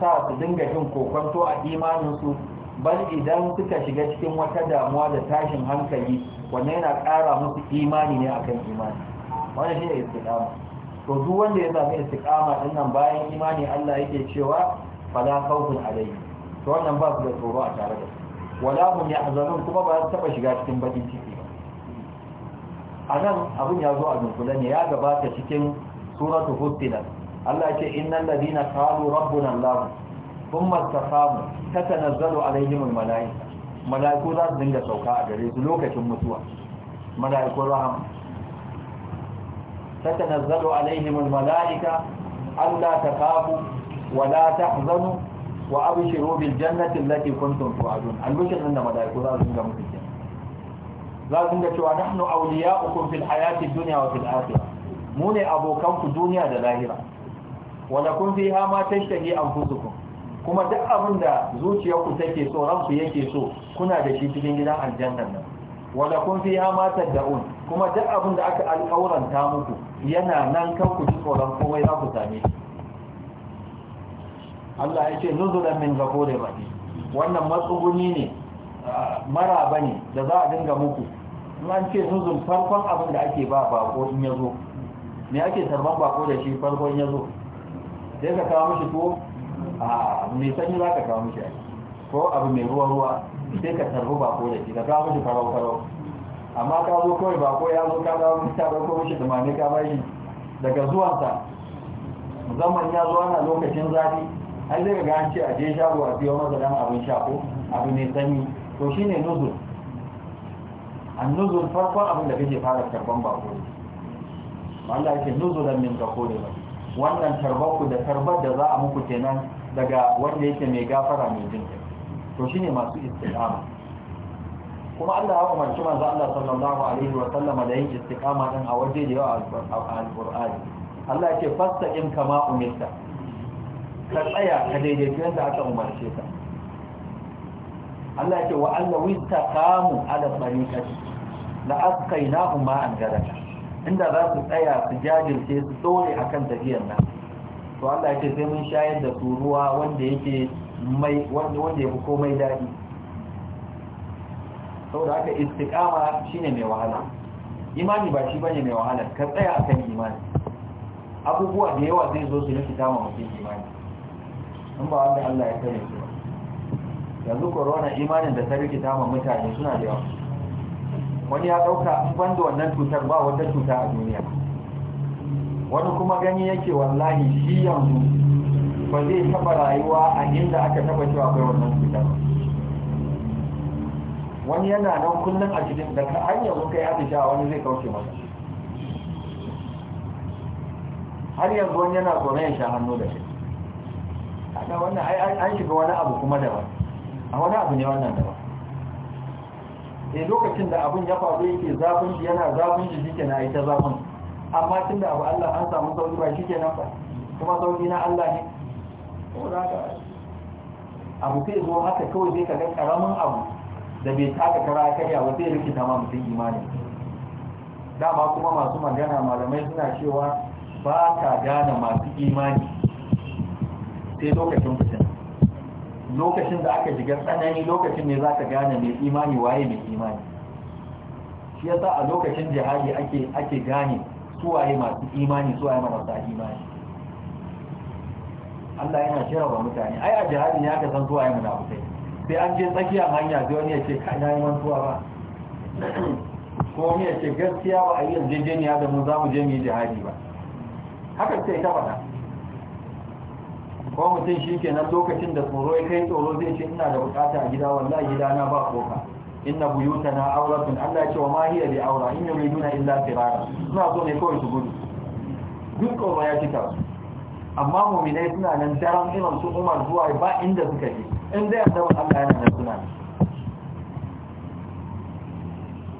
sa su dinga jin kokonto a imaninsu bal idan suka shiga cikin wata damuwa da tashin hankali wannan yana ƙara musu imani ne akan imani wannan ne istiqama to duk wanda ya zama istiqama din nan bayan imani Allah yake cewa fala khawfun alayhi to wannan ba su da tsoro a tare da su wala hum yahzanun kuma ba su taba shiga cikin bakin ciki ba anan abun ya zo a dunkule ne ya gabata cikin suratul fussilat Allah ya ce innal ladina qalu rabbuna Allah ثم التفاهم تتنزل عليهم الملائكه ملائكه ذا دinga sauka a gare su lokacin mutuwa ملائكه رحم تتنزل عليهم الملائكه الا تخافوا ولا تحزنوا وابشروا بالجنه التي كنتم توعدون الملائكه عند ملائكه ذا دinga mutuwa ذا دinga cewa nahnu awliya'ukum fil hayati dunya wa fil mu ne abokan duniya da lahira wa lakum fiha ma tashtahi anfusukum kuma duk abin da zuciyarku take so ranku yake so kuna da shi cikin gidan aljannan nan wala kun fi ya matar da un kuma duk abin da aka alƙawuranta muku yana nan kan ku ji tsoron komai za ku same shi Allah ya ce nuzulan min gafure rahim wannan matsuguni ne mara bane da za a dinga muku in an ce nuzul farkon abin da ake ba bako in ya zo me ake tarban bako da shi farkon ya zo sai ka kawo mishi tuwo a mai sani za ka kawo mishi ko abu mai ruwa ruwa sai ka tarbi ba ko da shi ka kawo mishi farau farau amma ka zo kawai ba ko ya zo ka kawo mishi ta ko mishi dumame ka bashi daga zuwansa zaman ya zo ana lokacin zafi an zai ga an ce a je shago a biyo masa dan abin sha ko abu mai sani. to shi ne nuzul an nuzul farkon abin da kake fara karban bako ne Allah yake nuzulan min gafo ne wannan tarbar ku da tarbar da za a muku kenan daga wanda yake mai gafara mai jin to shi ne masu istiqama kuma Allah ya umarci manzo Allah sallallahu alaihi wa sallam da yin istiqama din a waje da yawa a qurani Allah ya ce fastaqim kama umarta. ka tsaya ka daidaitu yadda aka umarce ka Allah ya ce wa Allah wistaqamu ala tariqati la asqaynahum ma'an garaka inda za su tsaya su jajirce su dole akan tafiyar nan to Allah yake sai mun shayar da su ruwa wanda yake mai wanda wanda yake komai dadi saboda haka istiqama shine mai wahala imani ba shi bane mai wahala ka tsaya akan imani abubuwa da yawa zai zo su rikita tama mutum imani in ba wanda Allah ya kare su yanzu corona imanin da ta rikita mutane suna da yawa wani ya dauka ban da wannan cutar ba wata cuta a duniya wani kuma gani yake wallahi shi yanzu ba zai taba rayuwa a inda aka taba cewa akwai wannan cutar wani yana nan kullum a cikin da ka an yanzu kai atisha wani zai kauce masa har yanzu wani yana tsoron ya sha hannu da shi Ana wannan an shiga wani abu kuma daban a wani abu ne wannan daban eh lokacin da abin ya faru yake zafin shi yana zafin shi shike na ita zafin amma tun da abu Allah an samu sauki ba shi ke nan ba kuma sauki na Allah ne abu sai zo haka kawai zai kaga karamin abu da bai taka kara karya abu zai ta ma mutum imani dama kuma masu magana malamai suna cewa ba ka gane masu imani sai lokacin fitin lokacin da aka shiga tsanani lokacin ne za ka gane mai imani waye mai imani shi yasa a lokacin jihadi ake ake gane suwaye masu imani suwaye marasa imani Allah yana wa mutane ai a jihadi ne aka san suwaye munafikai sai an je tsakiyar hanya sai wani ya ce kai na yi mantuwa ba ko wani ya ce gaskiya ba a yi yarjejeniya da mu za mu je mu yi jihadi ba haka sai ta faɗa ko mutum shi ke nan lokacin da tsoro ya kai tsoro zai ce ina da bukata a gida wallahi gidana ba koka inna buyutana auratun Allah ya ce wa ma hiya bi aura in yuriduna illa firara suna so ne kawai su gudu duk kowa ya cika amma muminai suna nan daren irin su umar zuwa ba inda suka je in zai annabi Allah yana nan suna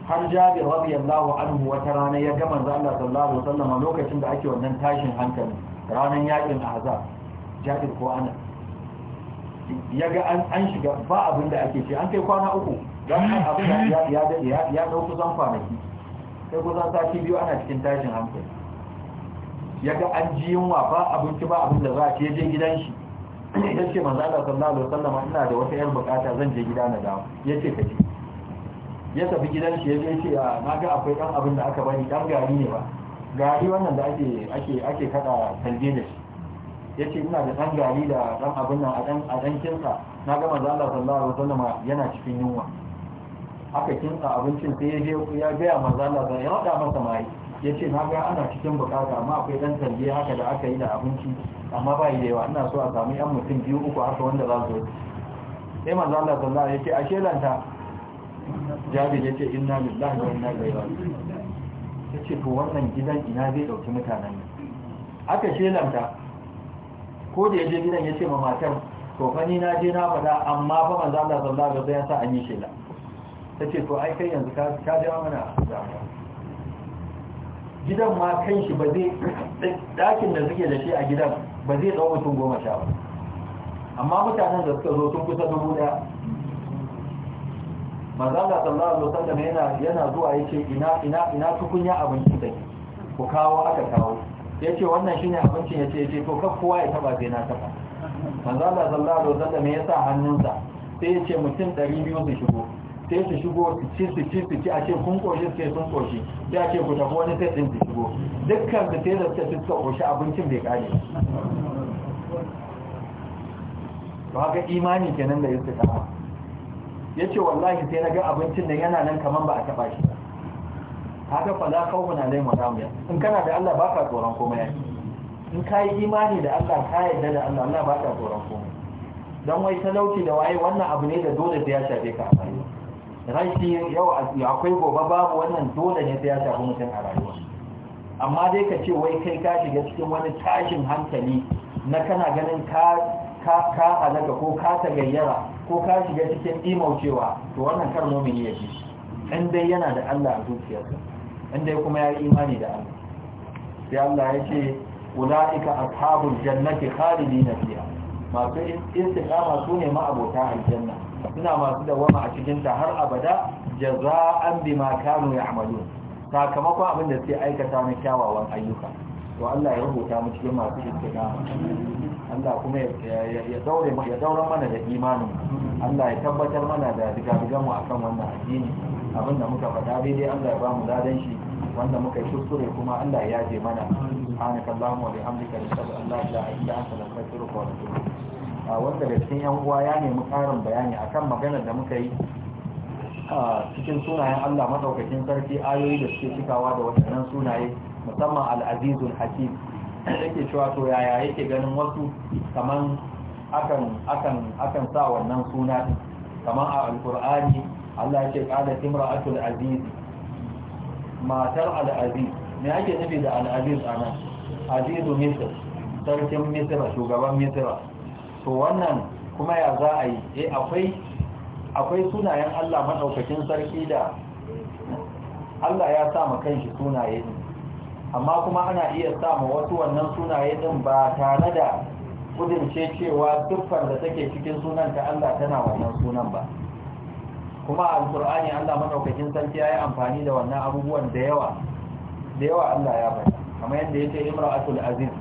har Jabir radiyallahu anhu wata rana ya ga manzo Allah sallallahu alaihi wasallam lokacin da ake wannan tashin hankali ranan yakin Ahzab Jabir ko ana ya ga an shiga ba abin da ake ce an kai kwana uku don abin ya ɗau kusan kwanaki sai kusan sati biyu ana cikin tashin hankali ya ga an ji yunwa ba abinci ba abin da za a ce je gidan shi ya ce manzo Allah sallallahu alaihi wasallam ina da wata yar bukata zan je gida na dawo ya ce ka ji. ya tafi gidan shi ya je ce ah, na ga akwai dan abin da aka bani dan gari ne ba gari wannan da ake ake ake kada kalje da shi ya ce ina da dan gari da dan abin nan a dan a dan kinsa na ga manzo Allah sallallahu alaihi wasallam yana cikin yunwa aka a abincin sai ya je ya gaya manzo Allah zan ya wada masa mai ya ce na ga ana cikin bukata amma akwai dan tambaye haka da aka yi da abinci amma ba da yawa ina so a samu yan mutum biyu uku haka wanda za su sai manzo Allah sallallahu alaihi wasallam ya ce ashe lanta jabi ya ce inna lillahi wa inna ilaihi raji'un ya ce to wannan gidan ina zai dauki mutanen ne aka shelanta ko da ya je gidan ya ce ma matan, to fa ni na je na faɗa amma fa manzo Allah sallallahu alaihi wasallam ya sa an yi shelanta ta ce to ai kai yanzu ka jawa mana zama. gidan ma kan shi ba zai dakin da suke da shi a gidan ba zai tsawon mutum goma sha ba amma mutanen da suka zo sun kusa dubu daya manzala sallallahu alaihi wasallam yana yana zuwa yake ina ina ina tukunya abinci da ku kawo aka kawo yace wannan shine abincin yace yace to kar kowa ya taba zai na taba manzala sallallahu alaihi wasallam ya sa hannunsa sai yace mutum 200 su shigo sai su shigo su ci su ci su ci a ce kun koshi sai sun koshi sai a ce ku tafi wani sai sun su shigo dukkan su sai da suka ci suka koshi abincin bai kare ba haka imani kenan da ya su kama ya ce wallahi sai na ga abincin da yana nan kamar ba a taɓa shi haka fa za kawo na laimar ramuya in kana da allah ba ka tsoron komai in ka yi imani da allah ka yarda da allah allah ba ka tsoron komai don wai talauci da waye wannan abu ne da dole sai ya shafe ka a rashi yau akwai gobe babu wannan dole ne ya shafi mutum a rayuwa amma dai ka ce wai kai ka shiga cikin wani tashin hankali na kana ganin ka ka ko ka tagayyara ko ka shiga cikin imaucewa to wannan kar mumin ya ji in dai yana da Allah a zuciyarsa in dai kuma ya yi imani da Allah sai Allah ya ce ulaika ashabul jannati khalidina fiha masu istiqama sune ma abota aljanna suna masu dawama a cikin ta har abada jaza'an bima kanu ya'malun sakamakon abin da sai aikata na kyawawan ayyuka to Allah ya rubuta mu cikin masu istiqama Allah kuma ya daure ya daure mana da imanin Allah ya tabbatar mana da digadigan mu akan wannan addini abin da muka faɗa daidai Allah ya ba mu ladan shi wanda muka yi kuskure kuma Allah ya je mana subhanakallahumma wa bihamdika nashhadu an la ilaha illa anta astaghfiruka wa natubu a wanda da cikin yan uwa ya nemi karin bayani akan maganar da muka yi cikin sunayen Allah madaukakin sarki ayoyi da suke cikawa da wannan sunaye musamman al-azizul hakim yake cewa to yaya yake ganin wasu kaman akan akan akan sa wannan suna kaman a alqur'ani Allah yake kada timra'atul aziz matar al-aziz me ake nufi da al-aziz ana azizu misr sarkin misra shugaban misra to wannan kuma ya za a yi E, akwai akwai sunayen Allah madaukakin sarki da Allah ya sa ma kanshi sunaye din amma kuma ana iya sa ma wasu wannan sunaye din ba tare da ce cewa dukkan da take cikin sunan ta Allah tana wannan sunan ba kuma alkur'ani Allah madaukakin sarki yayi amfani da wannan abubuwan da yawa da yawa Allah ya faɗa kamar yadda yake imra'atul aziz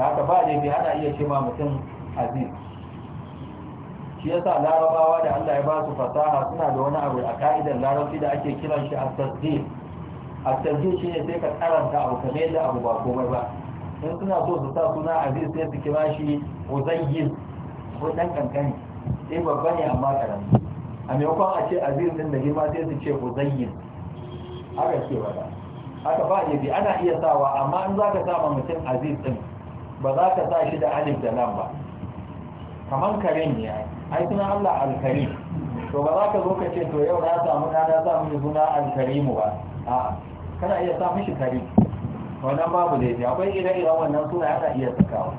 da haka ba ne ana iya cewa mutum azim shi yasa larabawa da Allah ya ba su fasaha suna da wani abu a ka'idar larabci da ake kiran shi tasdiq a tasdiq shi shine sai ka karanta abu kame da abu ba komai ba in suna so su sa suna aziz sai su kira shi uzayyin ko dan kankani sai eh, babba ne amma karanta a maimakon a ce aziz din da girma sai su ce uzayyin haka ce ba haka ba ne ana iya sawa amma in ka sa ma mutum aziz din ba za ka sa shi da alif da lam ba kaman karen ne ai suna Allah al-karim to ba za ka zo ka ce to yau na samu na na samu da suna alkarimu ba a kana iya sa shi kari wannan babu laifi akwai ire-iren wannan suna ana iya sakawa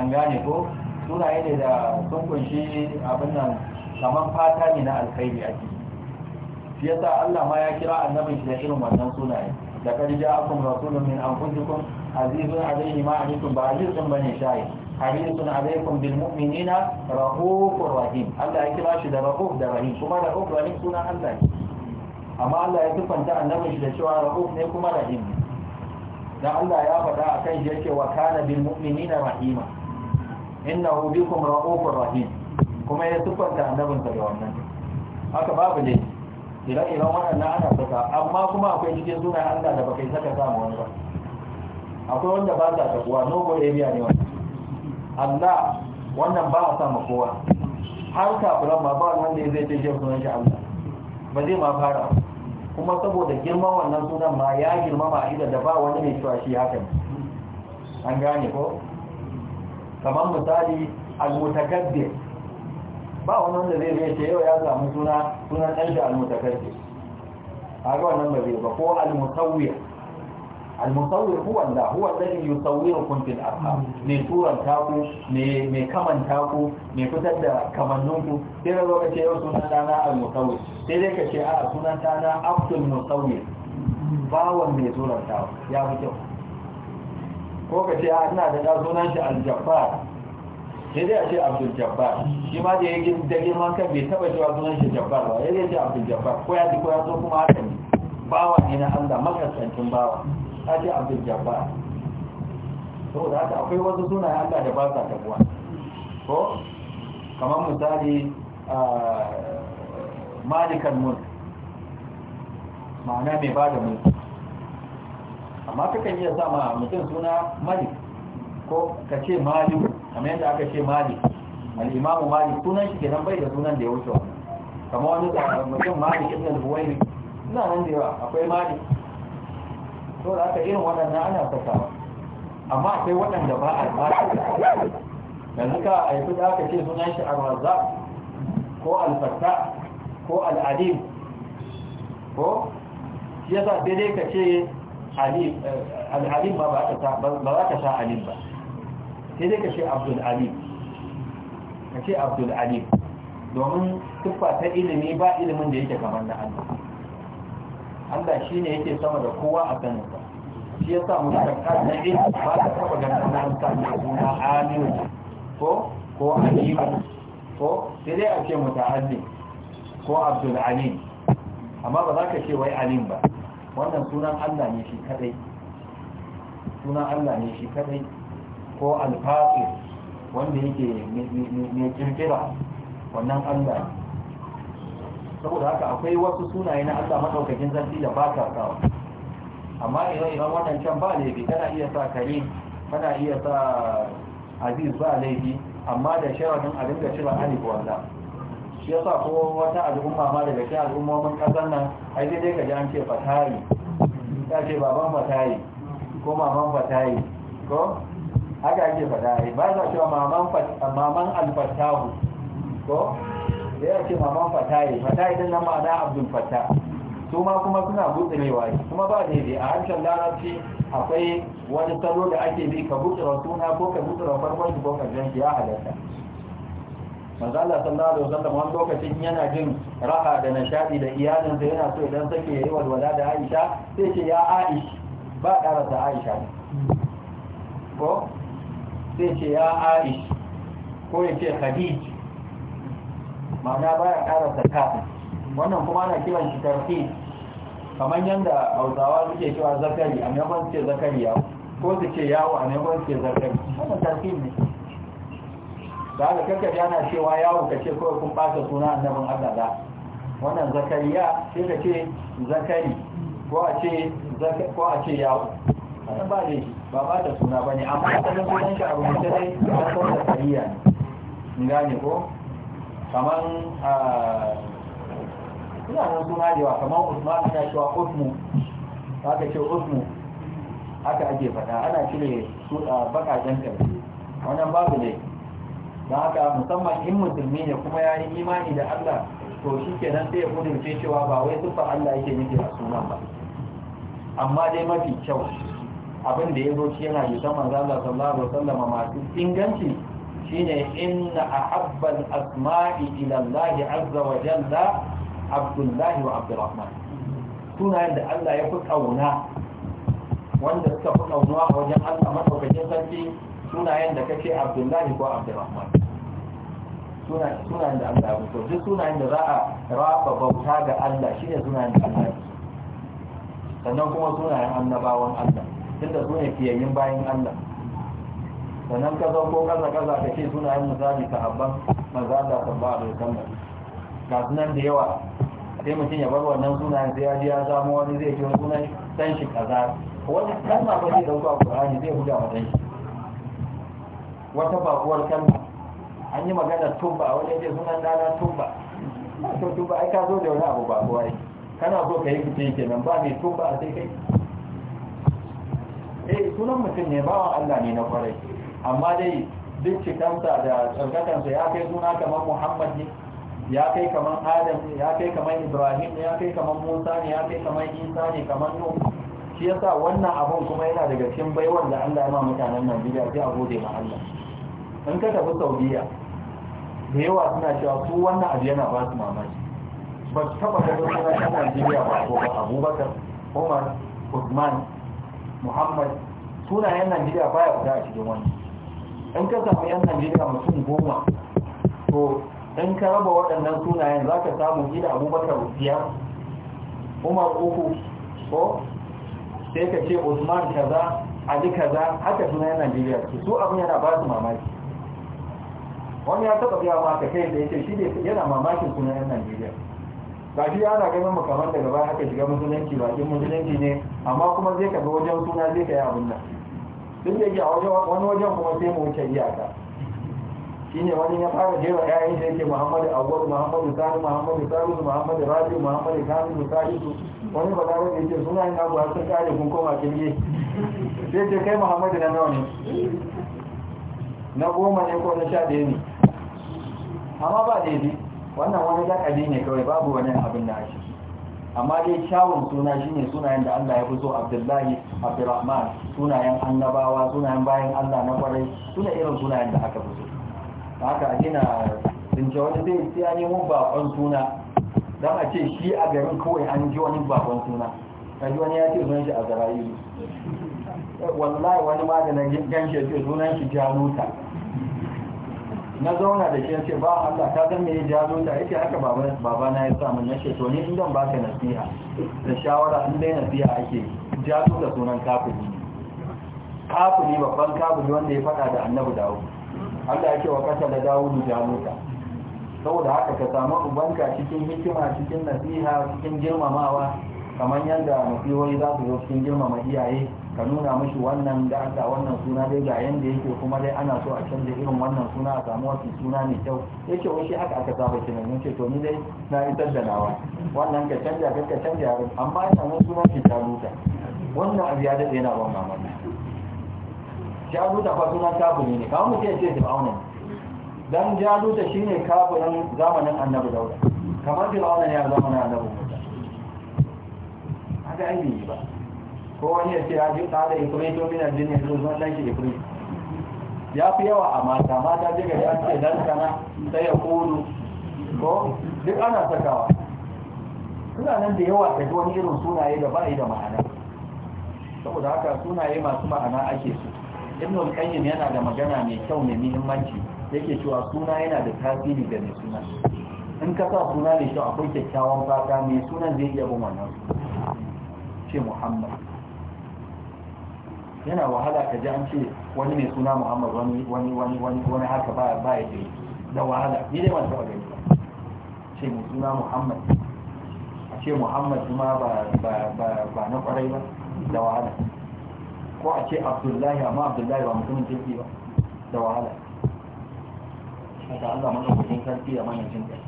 an gane ko sunaye ne da sun kunshi abin nan kamar fata ne na alkhairi ake shi yasa Allah ma ya kira annabin shi da irin wannan sunaye da kadija akum rasulun min anfusikum azizun alayhi ma anitum ba azizun bane shayi hadisun alaikum bil mu'minina rahufur rahim Allah ya kira shi da rahuf da rahim kuma rahuf rahim suna Allah ne amma Allah ya tufanta annabin shi da cewa rahuf ne kuma rahim dan Allah ya faɗa akan shi yake wa kana bil mu'minina rahima innahu bikum rahufur rahim kuma ya tufanta annabin sa da wannan haka babu ne ire-iren waɗannan ana saka amma kuma akwai cikin sunan Allah da bakai yi saka samu wani ba akwai wanda ba sa takuwa nogo area ne wannan Allah wannan ba a sama kowa har kafiran ma ba wanda zai je jin sunan shi Allah ba zai ma fara kuma saboda girman wannan sunan ma ya girmama a idan da ba wani mai cewa shi haka an gane ko kamar misali al-mutakabbir ba wani wanda zai zai ce yau ya samu suna sunan ɗan da al-mutakabbir a ga wannan ba zai ba ko al-musawwir المصور هو huwa هو الذي يصوركم في fil من صور تاكو من كمان تاكو kaman taku دا fitar da kamannun ku sai da دانا yau sunan dana al sai dai kace a sunan dana abdul musawwir mai turan ya fi kyau ko sai dai a ce abdul jabbar shi ma da yake girman kan bai taba cewa sunan shi jabbar ba sai dai ce abdul ko ya ji ko ya so kuma haka ne bawa ne na Allah makasancin bawa a abin abdul jabbar saboda haka akwai wasu sunayen allah da ba sa tabuwa ko kamar misali malikan mun ma'ana mai ba da mun amma kakan iya sa ma mutum suna malik ko ka ce malik kamar yadda aka ce malik al'imamu malik sunan shi nan bai da sunan da ya wuce wani kama wani mutum malik ibn al buwai suna nan da yawa akwai malik so da aka irin waɗanda ana saka amma akwai waɗanda ba a fata yanzu a yi da aka ce sunan shi arwaza ko alfatta ko al'alim ko shi yasa daidai ka ce eh, al'alim ba za ka sha alim ba sai dai ka ce abdul alim ka ce abdul alim domin tuffa ta ilimi ba ilimin da yake kamar na allah Allah shi ne yake sama da kowa a sanin sa shi yasa mutakar na in ba ta taba ganin an sami suna aminu ko ko alimu ko sai dai a ce mutahalli ko abdul alim amma ba za ka ce wai alim ba wannan sunan Allah ne shi kadai sunan Allah ne shi kadai ko alfaqir wanda yake mai kirkira wannan Allah saboda haka akwai wasu sunaye na Allah madaukakin zanti da ba ta kawo amma idan wannan waɗancan ba laifi kana iya sa kare kana iya sa aziz ba laifi amma da sharadin a dinga cire alif wanda shi yasa ko wata al'umma ma daga cikin al'ummomin ƙasar nan ai dai dai ka ji an ce fatayi ta ce baban fatayi ko maman fatayi ko haka ake fatayi ba za cewa maman alfatahu ko da ya ce fata yi fata din nan ma'ana abdul fata su ma kuma suna gutsurewa kuma ba daidai a harshen larabci akwai wani salo da ake bi ka gutsura suna ko ka gutsura farkon shi ko ka jan ya halatta manzo Allah sallallahu alaihi wasallam wani lokacin yana jin raha da nishadi da iyalinsa yana so idan sake yayi walwala da Aisha sai ce ya Aisha ba ƙara da Aisha ko sai ce ya Aisha ko ya Khadija ma'ana baya karasa kafin wannan kuma ana kiran shi tarfi kamar yadda hausawa suke cewa zakari a neman ce zakari yawo ko su ce yawo a neman ce zakari wannan tarfi ne da haka kakkaji ana cewa yawo ka ce kawai kun ɓata suna annabin allah da wannan zakariya sai ka ce zakari ko a ce yawo wannan ba ne ba ba da suna ba ne amma asalin sunan shi a rubuce dai a san zakariya ne gane ko Kaman, suna ah, nan suna da yawa kamar usman ana cewa usmu aka ce usmu aka ake fata ana cire su a ah, bakajen wannan babu ne don haka musamman in musulmi ne kuma ya yi imani da allah to shi kenan sai ya kudurce cewa ba wai sufa allah yake nufi a sunan ba amma dai mafi kyau abin da ya zo shi yana bisan manzo Allah sallallahu alaihi wasallam masu inganci shine inna ahabbal asma'i ila Allah azza wa jalla Abdullah wa Abdurrahman sunayen da Allah ya fi kauna wanda suka fi kaunuwa a wajen Allah madaukakin sarki sunayen da kace Abdullah ko Abdurrahman sunayen da Allah ya fi duk sunayen da za a raba bauta ga Allah shine sunayen da Allah ya fi sannan kuma sunayen annabawan Allah tunda sune fiyayyin bayan Allah sannan ka ko kaza kaza ka ce suna yin habban sahabban maza da sallallahu da wasallam ga sunan da yawa sai mutum ya bar wannan sunayen sai ya ji ya zama wani zai ce sunan dan shi kaza wani kalma ba zai dauka Qur'ani zai huda wa dan shi wata bakuwar kalma an yi magana tuba wani ce sunan dana tuba to tuba ai ka zo da wani abu bakuwa yi kana zo ka yi fice kenan ba mai tuba a sai kai eh sunan mutum ne bawan Allah ne na kwarai amma dai duk cikinsa da tsarkakansa ya kai suna kamar muhammad ne ya kai kamar adam ne ya kai kamar ibrahim ne ya kai kamar musa ne ya kai kamar isa ne kamar nuh shi yasa wannan abun kuma yana daga cikin baiwar da Allah ya ma mutanen Najeriya sai a gode ma Allah in ka tafi Saudiya da yawa suna cewa su wannan abu yana ba su mamaki ba su taba da suna ta Najeriya ba ko Abubakar Umar Usman Muhammad sunayen Najeriya baya fita a cikin wannan in ka samu yan najeriya mutum goma to in ka raba waɗannan sunayen za ka samu gida abubakar biyar umar uku ko sai ka ce usman kaza ali kaza haka sunayen najeriya su su abin yana ba su mamaki wani ya taɓa biya maka kai da yake shi yana mamakin sunayen najeriya ba shi ana ganin mu daga baya haka shiga musulunci ba in musulunci ne amma kuma zai ka ga wajen suna zai ka yi abin nan duk da yake a wani wajen kuma sai mu wuce iyaka shine wani ya fara jera ƴaƴan shi yake Muhammadu Awwal Muhammadu Sani Muhammadu Salisu Muhammadu Rabi Muhammadu Kamilu Salisu wani ba zai yake suna yin abuwa sun kare kun koma kirge sai ce kai Muhammadu na nawa ne na goma ne ko na sha ɗaya ne amma ba daidai wannan wani lakabi ne kawai babu wani abin da ake amma dai kyawun suna shine sunayen da Allah ya fi so Abdullahi Abdurrahman sunayen annabawa sunayen bayan Allah na kwarai suna irin sunayen da aka fi so haka a gina rinke wani zai sai an mu bakon suna don a ce shi a garin kawai an ji wani bakon suna kaji wani ya ce sunan shi a zara'ilu eh, wallahi wani maganin ganshi ya ce sunan shi januta na zauna da shi ce ba Allah ka san me ya zo da yake haka baba na ya samu na ce to ni in dan baka nasiha da shawara in dai nasiha ake jazo da sunan kafiri kafiri babban kafiri wanda ya fada da annabi dawo Allah yake wa kasa da dawo da ta saboda haka ka samu ubanka cikin hikima cikin nasiha cikin girmamawa kamar yadda mafiwai za su zo cikin girmama iyaye ka nuna mashi wannan da aka wannan suna dai ga yanda yake kuma dai ana so a canza irin wannan suna a samu wasu suna mai kyau ya ce shi haka aka saba shi nan ce to ni dai na isar da nawa wannan ka canja ka ka canja amma ina mun suna ke jaruta wannan abu ya daɗe yana ban mamaki jaruta luta fa suna kabuli ne kamar mutum ya ce fir'auna dan jaruta shine kabulan zamanin annabi dauda kamar fir'auna ne a zamanin annabi ga aibi ba ko wani ya ce ya ji kada ifrito min aljinni to zan dan shi ifrito ya fi yawa a mata mata daga ya ce dan kana sai ya kudu ko duk ana sakawa suna nan da yawa ka ji wani irin sunaye da ba da ma'ana saboda haka sunaye masu ma'ana ake su ibnul qayyim yana da magana mai kyau mai muhimmanci yake cewa suna yana da tasiri ga mai suna in ka sa suna ne shi akwai kyakkyawan fata mai sunan zai iya bin wannan ce muhammad yana wahala ka ji an ce wani mai suna muhammad wani wani wani wani wani haka ba ba ya dai da wahala ni dai ban taɓa gani ba ce mai suna muhammad a ce muhammad kuma ba ba ba ba na kwarai ba da wahala ko a ce abdullahi amma abdullahi ba mutumin kirki ba da wahala haka Allah madaukakin sarki ya mana jin kai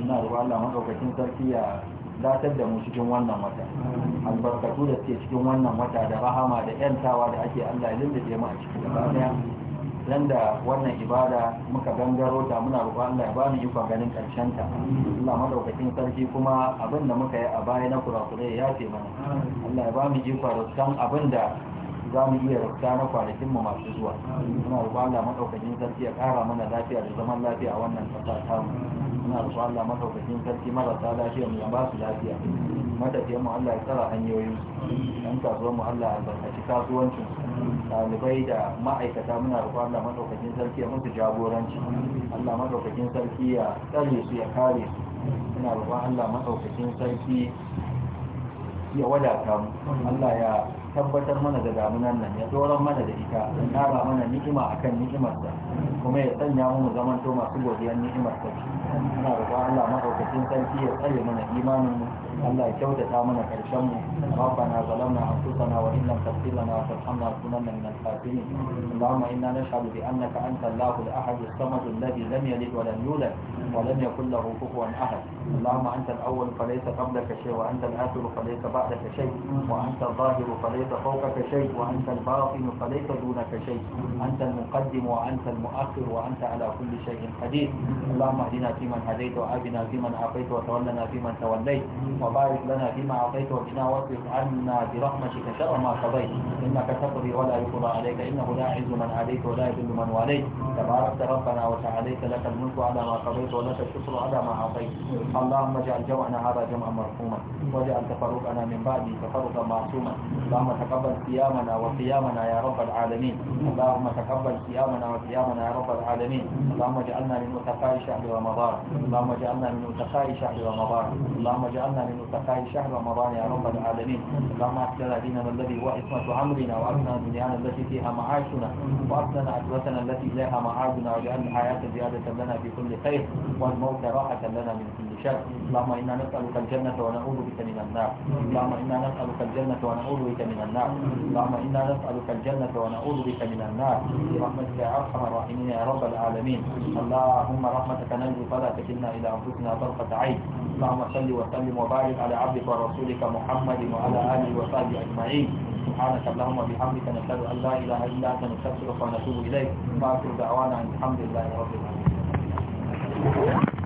ina ruwa Allah madaukakin sarki ya datar da mu cikin wannan wata albarkatu da suke cikin wannan wata da rahama da yantawa da ake Allah yin da jema a cikin daya dan da wannan ibada muka gangaro ta muna roƙon Allah ya bani yi ganin karshen ta Allah madaukakin sarki kuma abinda muka yi a baya na kurakurai ya ce mana Allah ya bani mu ikon abin da za mu iya rafta na kwanakin mu masu zuwa muna roƙon Allah madaukakin sarki ya ƙara mana lafiya da zaman lafiya a wannan ƙasa ta mu muna roƙon Allah madaukakin sarki marasa lafiya mu ya ba su lafiya matafiyan mu Allah ya tsara hanyoyin su ɗan kasuwan mu Allah ya barkaci kasuwancin ɗalibai da ma'aikata muna roƙon Allah madaukakin sarki ya musu jagoranci Allah madaukakin sarki ya tsare su ya kare su muna roƙon Allah madaukakin sarki ya wadata mu Allah ya tabbatar mana da damunan nan ya doron mana da ita ya kara mana ni'ima akan ni'imarsa kuma ya sanya mu mu masu godiyar ni'imarsa ana roƙon Allah madaukakin sarki ya tsare mana imanin mu الله يجود تامنا كرشم ربنا ظلمنا أنفسنا وإن لم تغفر لنا وترحمنا لنكونن من الخاسرين اللهم إنا نشهد بأنك أنت الله الأحد الصمد الذي لم يلد ولم يولد ولم يكن له كفوا أحد اللهم أنت الأول فليس قبلك شيء وأنت الآخر فليس بعدك شيء وأنت الظاهر فليس فوقك شيء وأنت الباطن فليس دونك شيء أنت المقدم وأنت المؤخر وأنت على كل شيء قدير اللهم اهدنا فيمن هديت وأبنا فيمن عافيت وتولنا فيمن توليت وبارك لنا بما أعطيت وبنا واصرف عنا برحمتك شر ما قضيت إنك تقضي ولا يقضى عليك إنه لا يعز من عليك ولا يذل من واليت تباركت ربنا وتعاليت لك الملك على ما قضيت ولك الشكر على ما أعطيت اللهم اجعل جمعنا هذا جمعا مرحوما واجعل تفرقنا من بعده تفرقا معصوما اللهم تقبل صيامنا وصيامنا يا رب العالمين اللهم تقبل صيامنا وصيامنا يا رب العالمين اللهم اجعلنا من متقاي شهر رمضان اللهم اجعلنا من متقاي شهر رمضان اللهم اجعلنا من من سخاء شهر رمضان يا رب العالمين اللهم احسن ديننا الذي هو عصمة امرنا واغنى دنيانا التي فيها معاشنا واغنى عدوتنا التي اليها معادنا واجعل الحياة زيادة لنا في كل خير والموت راحة لنا من كل الشر اللهم إنا نسألك الجنة ونعوذ بك من النار اللهم إنا نسألك الجنة ونعوذ بك من النار اللهم إنا نسألك الجنة ونعوذ بك من النار برحمتك يا أرحم الراحمين يا رب العالمين اللهم رحمتك نرجو فلا تكلنا إلى أنفسنا طرفة عين اللهم صل وسلم وبارك على عبدك ورسولك محمد وعلى آله وصحبه أجمعين سبحانك اللهم وبحمدك نشهد أن لا إله إلا أنت نستغفرك ونتوب إليك وآخر دعوانا الحمد لله رب العالمين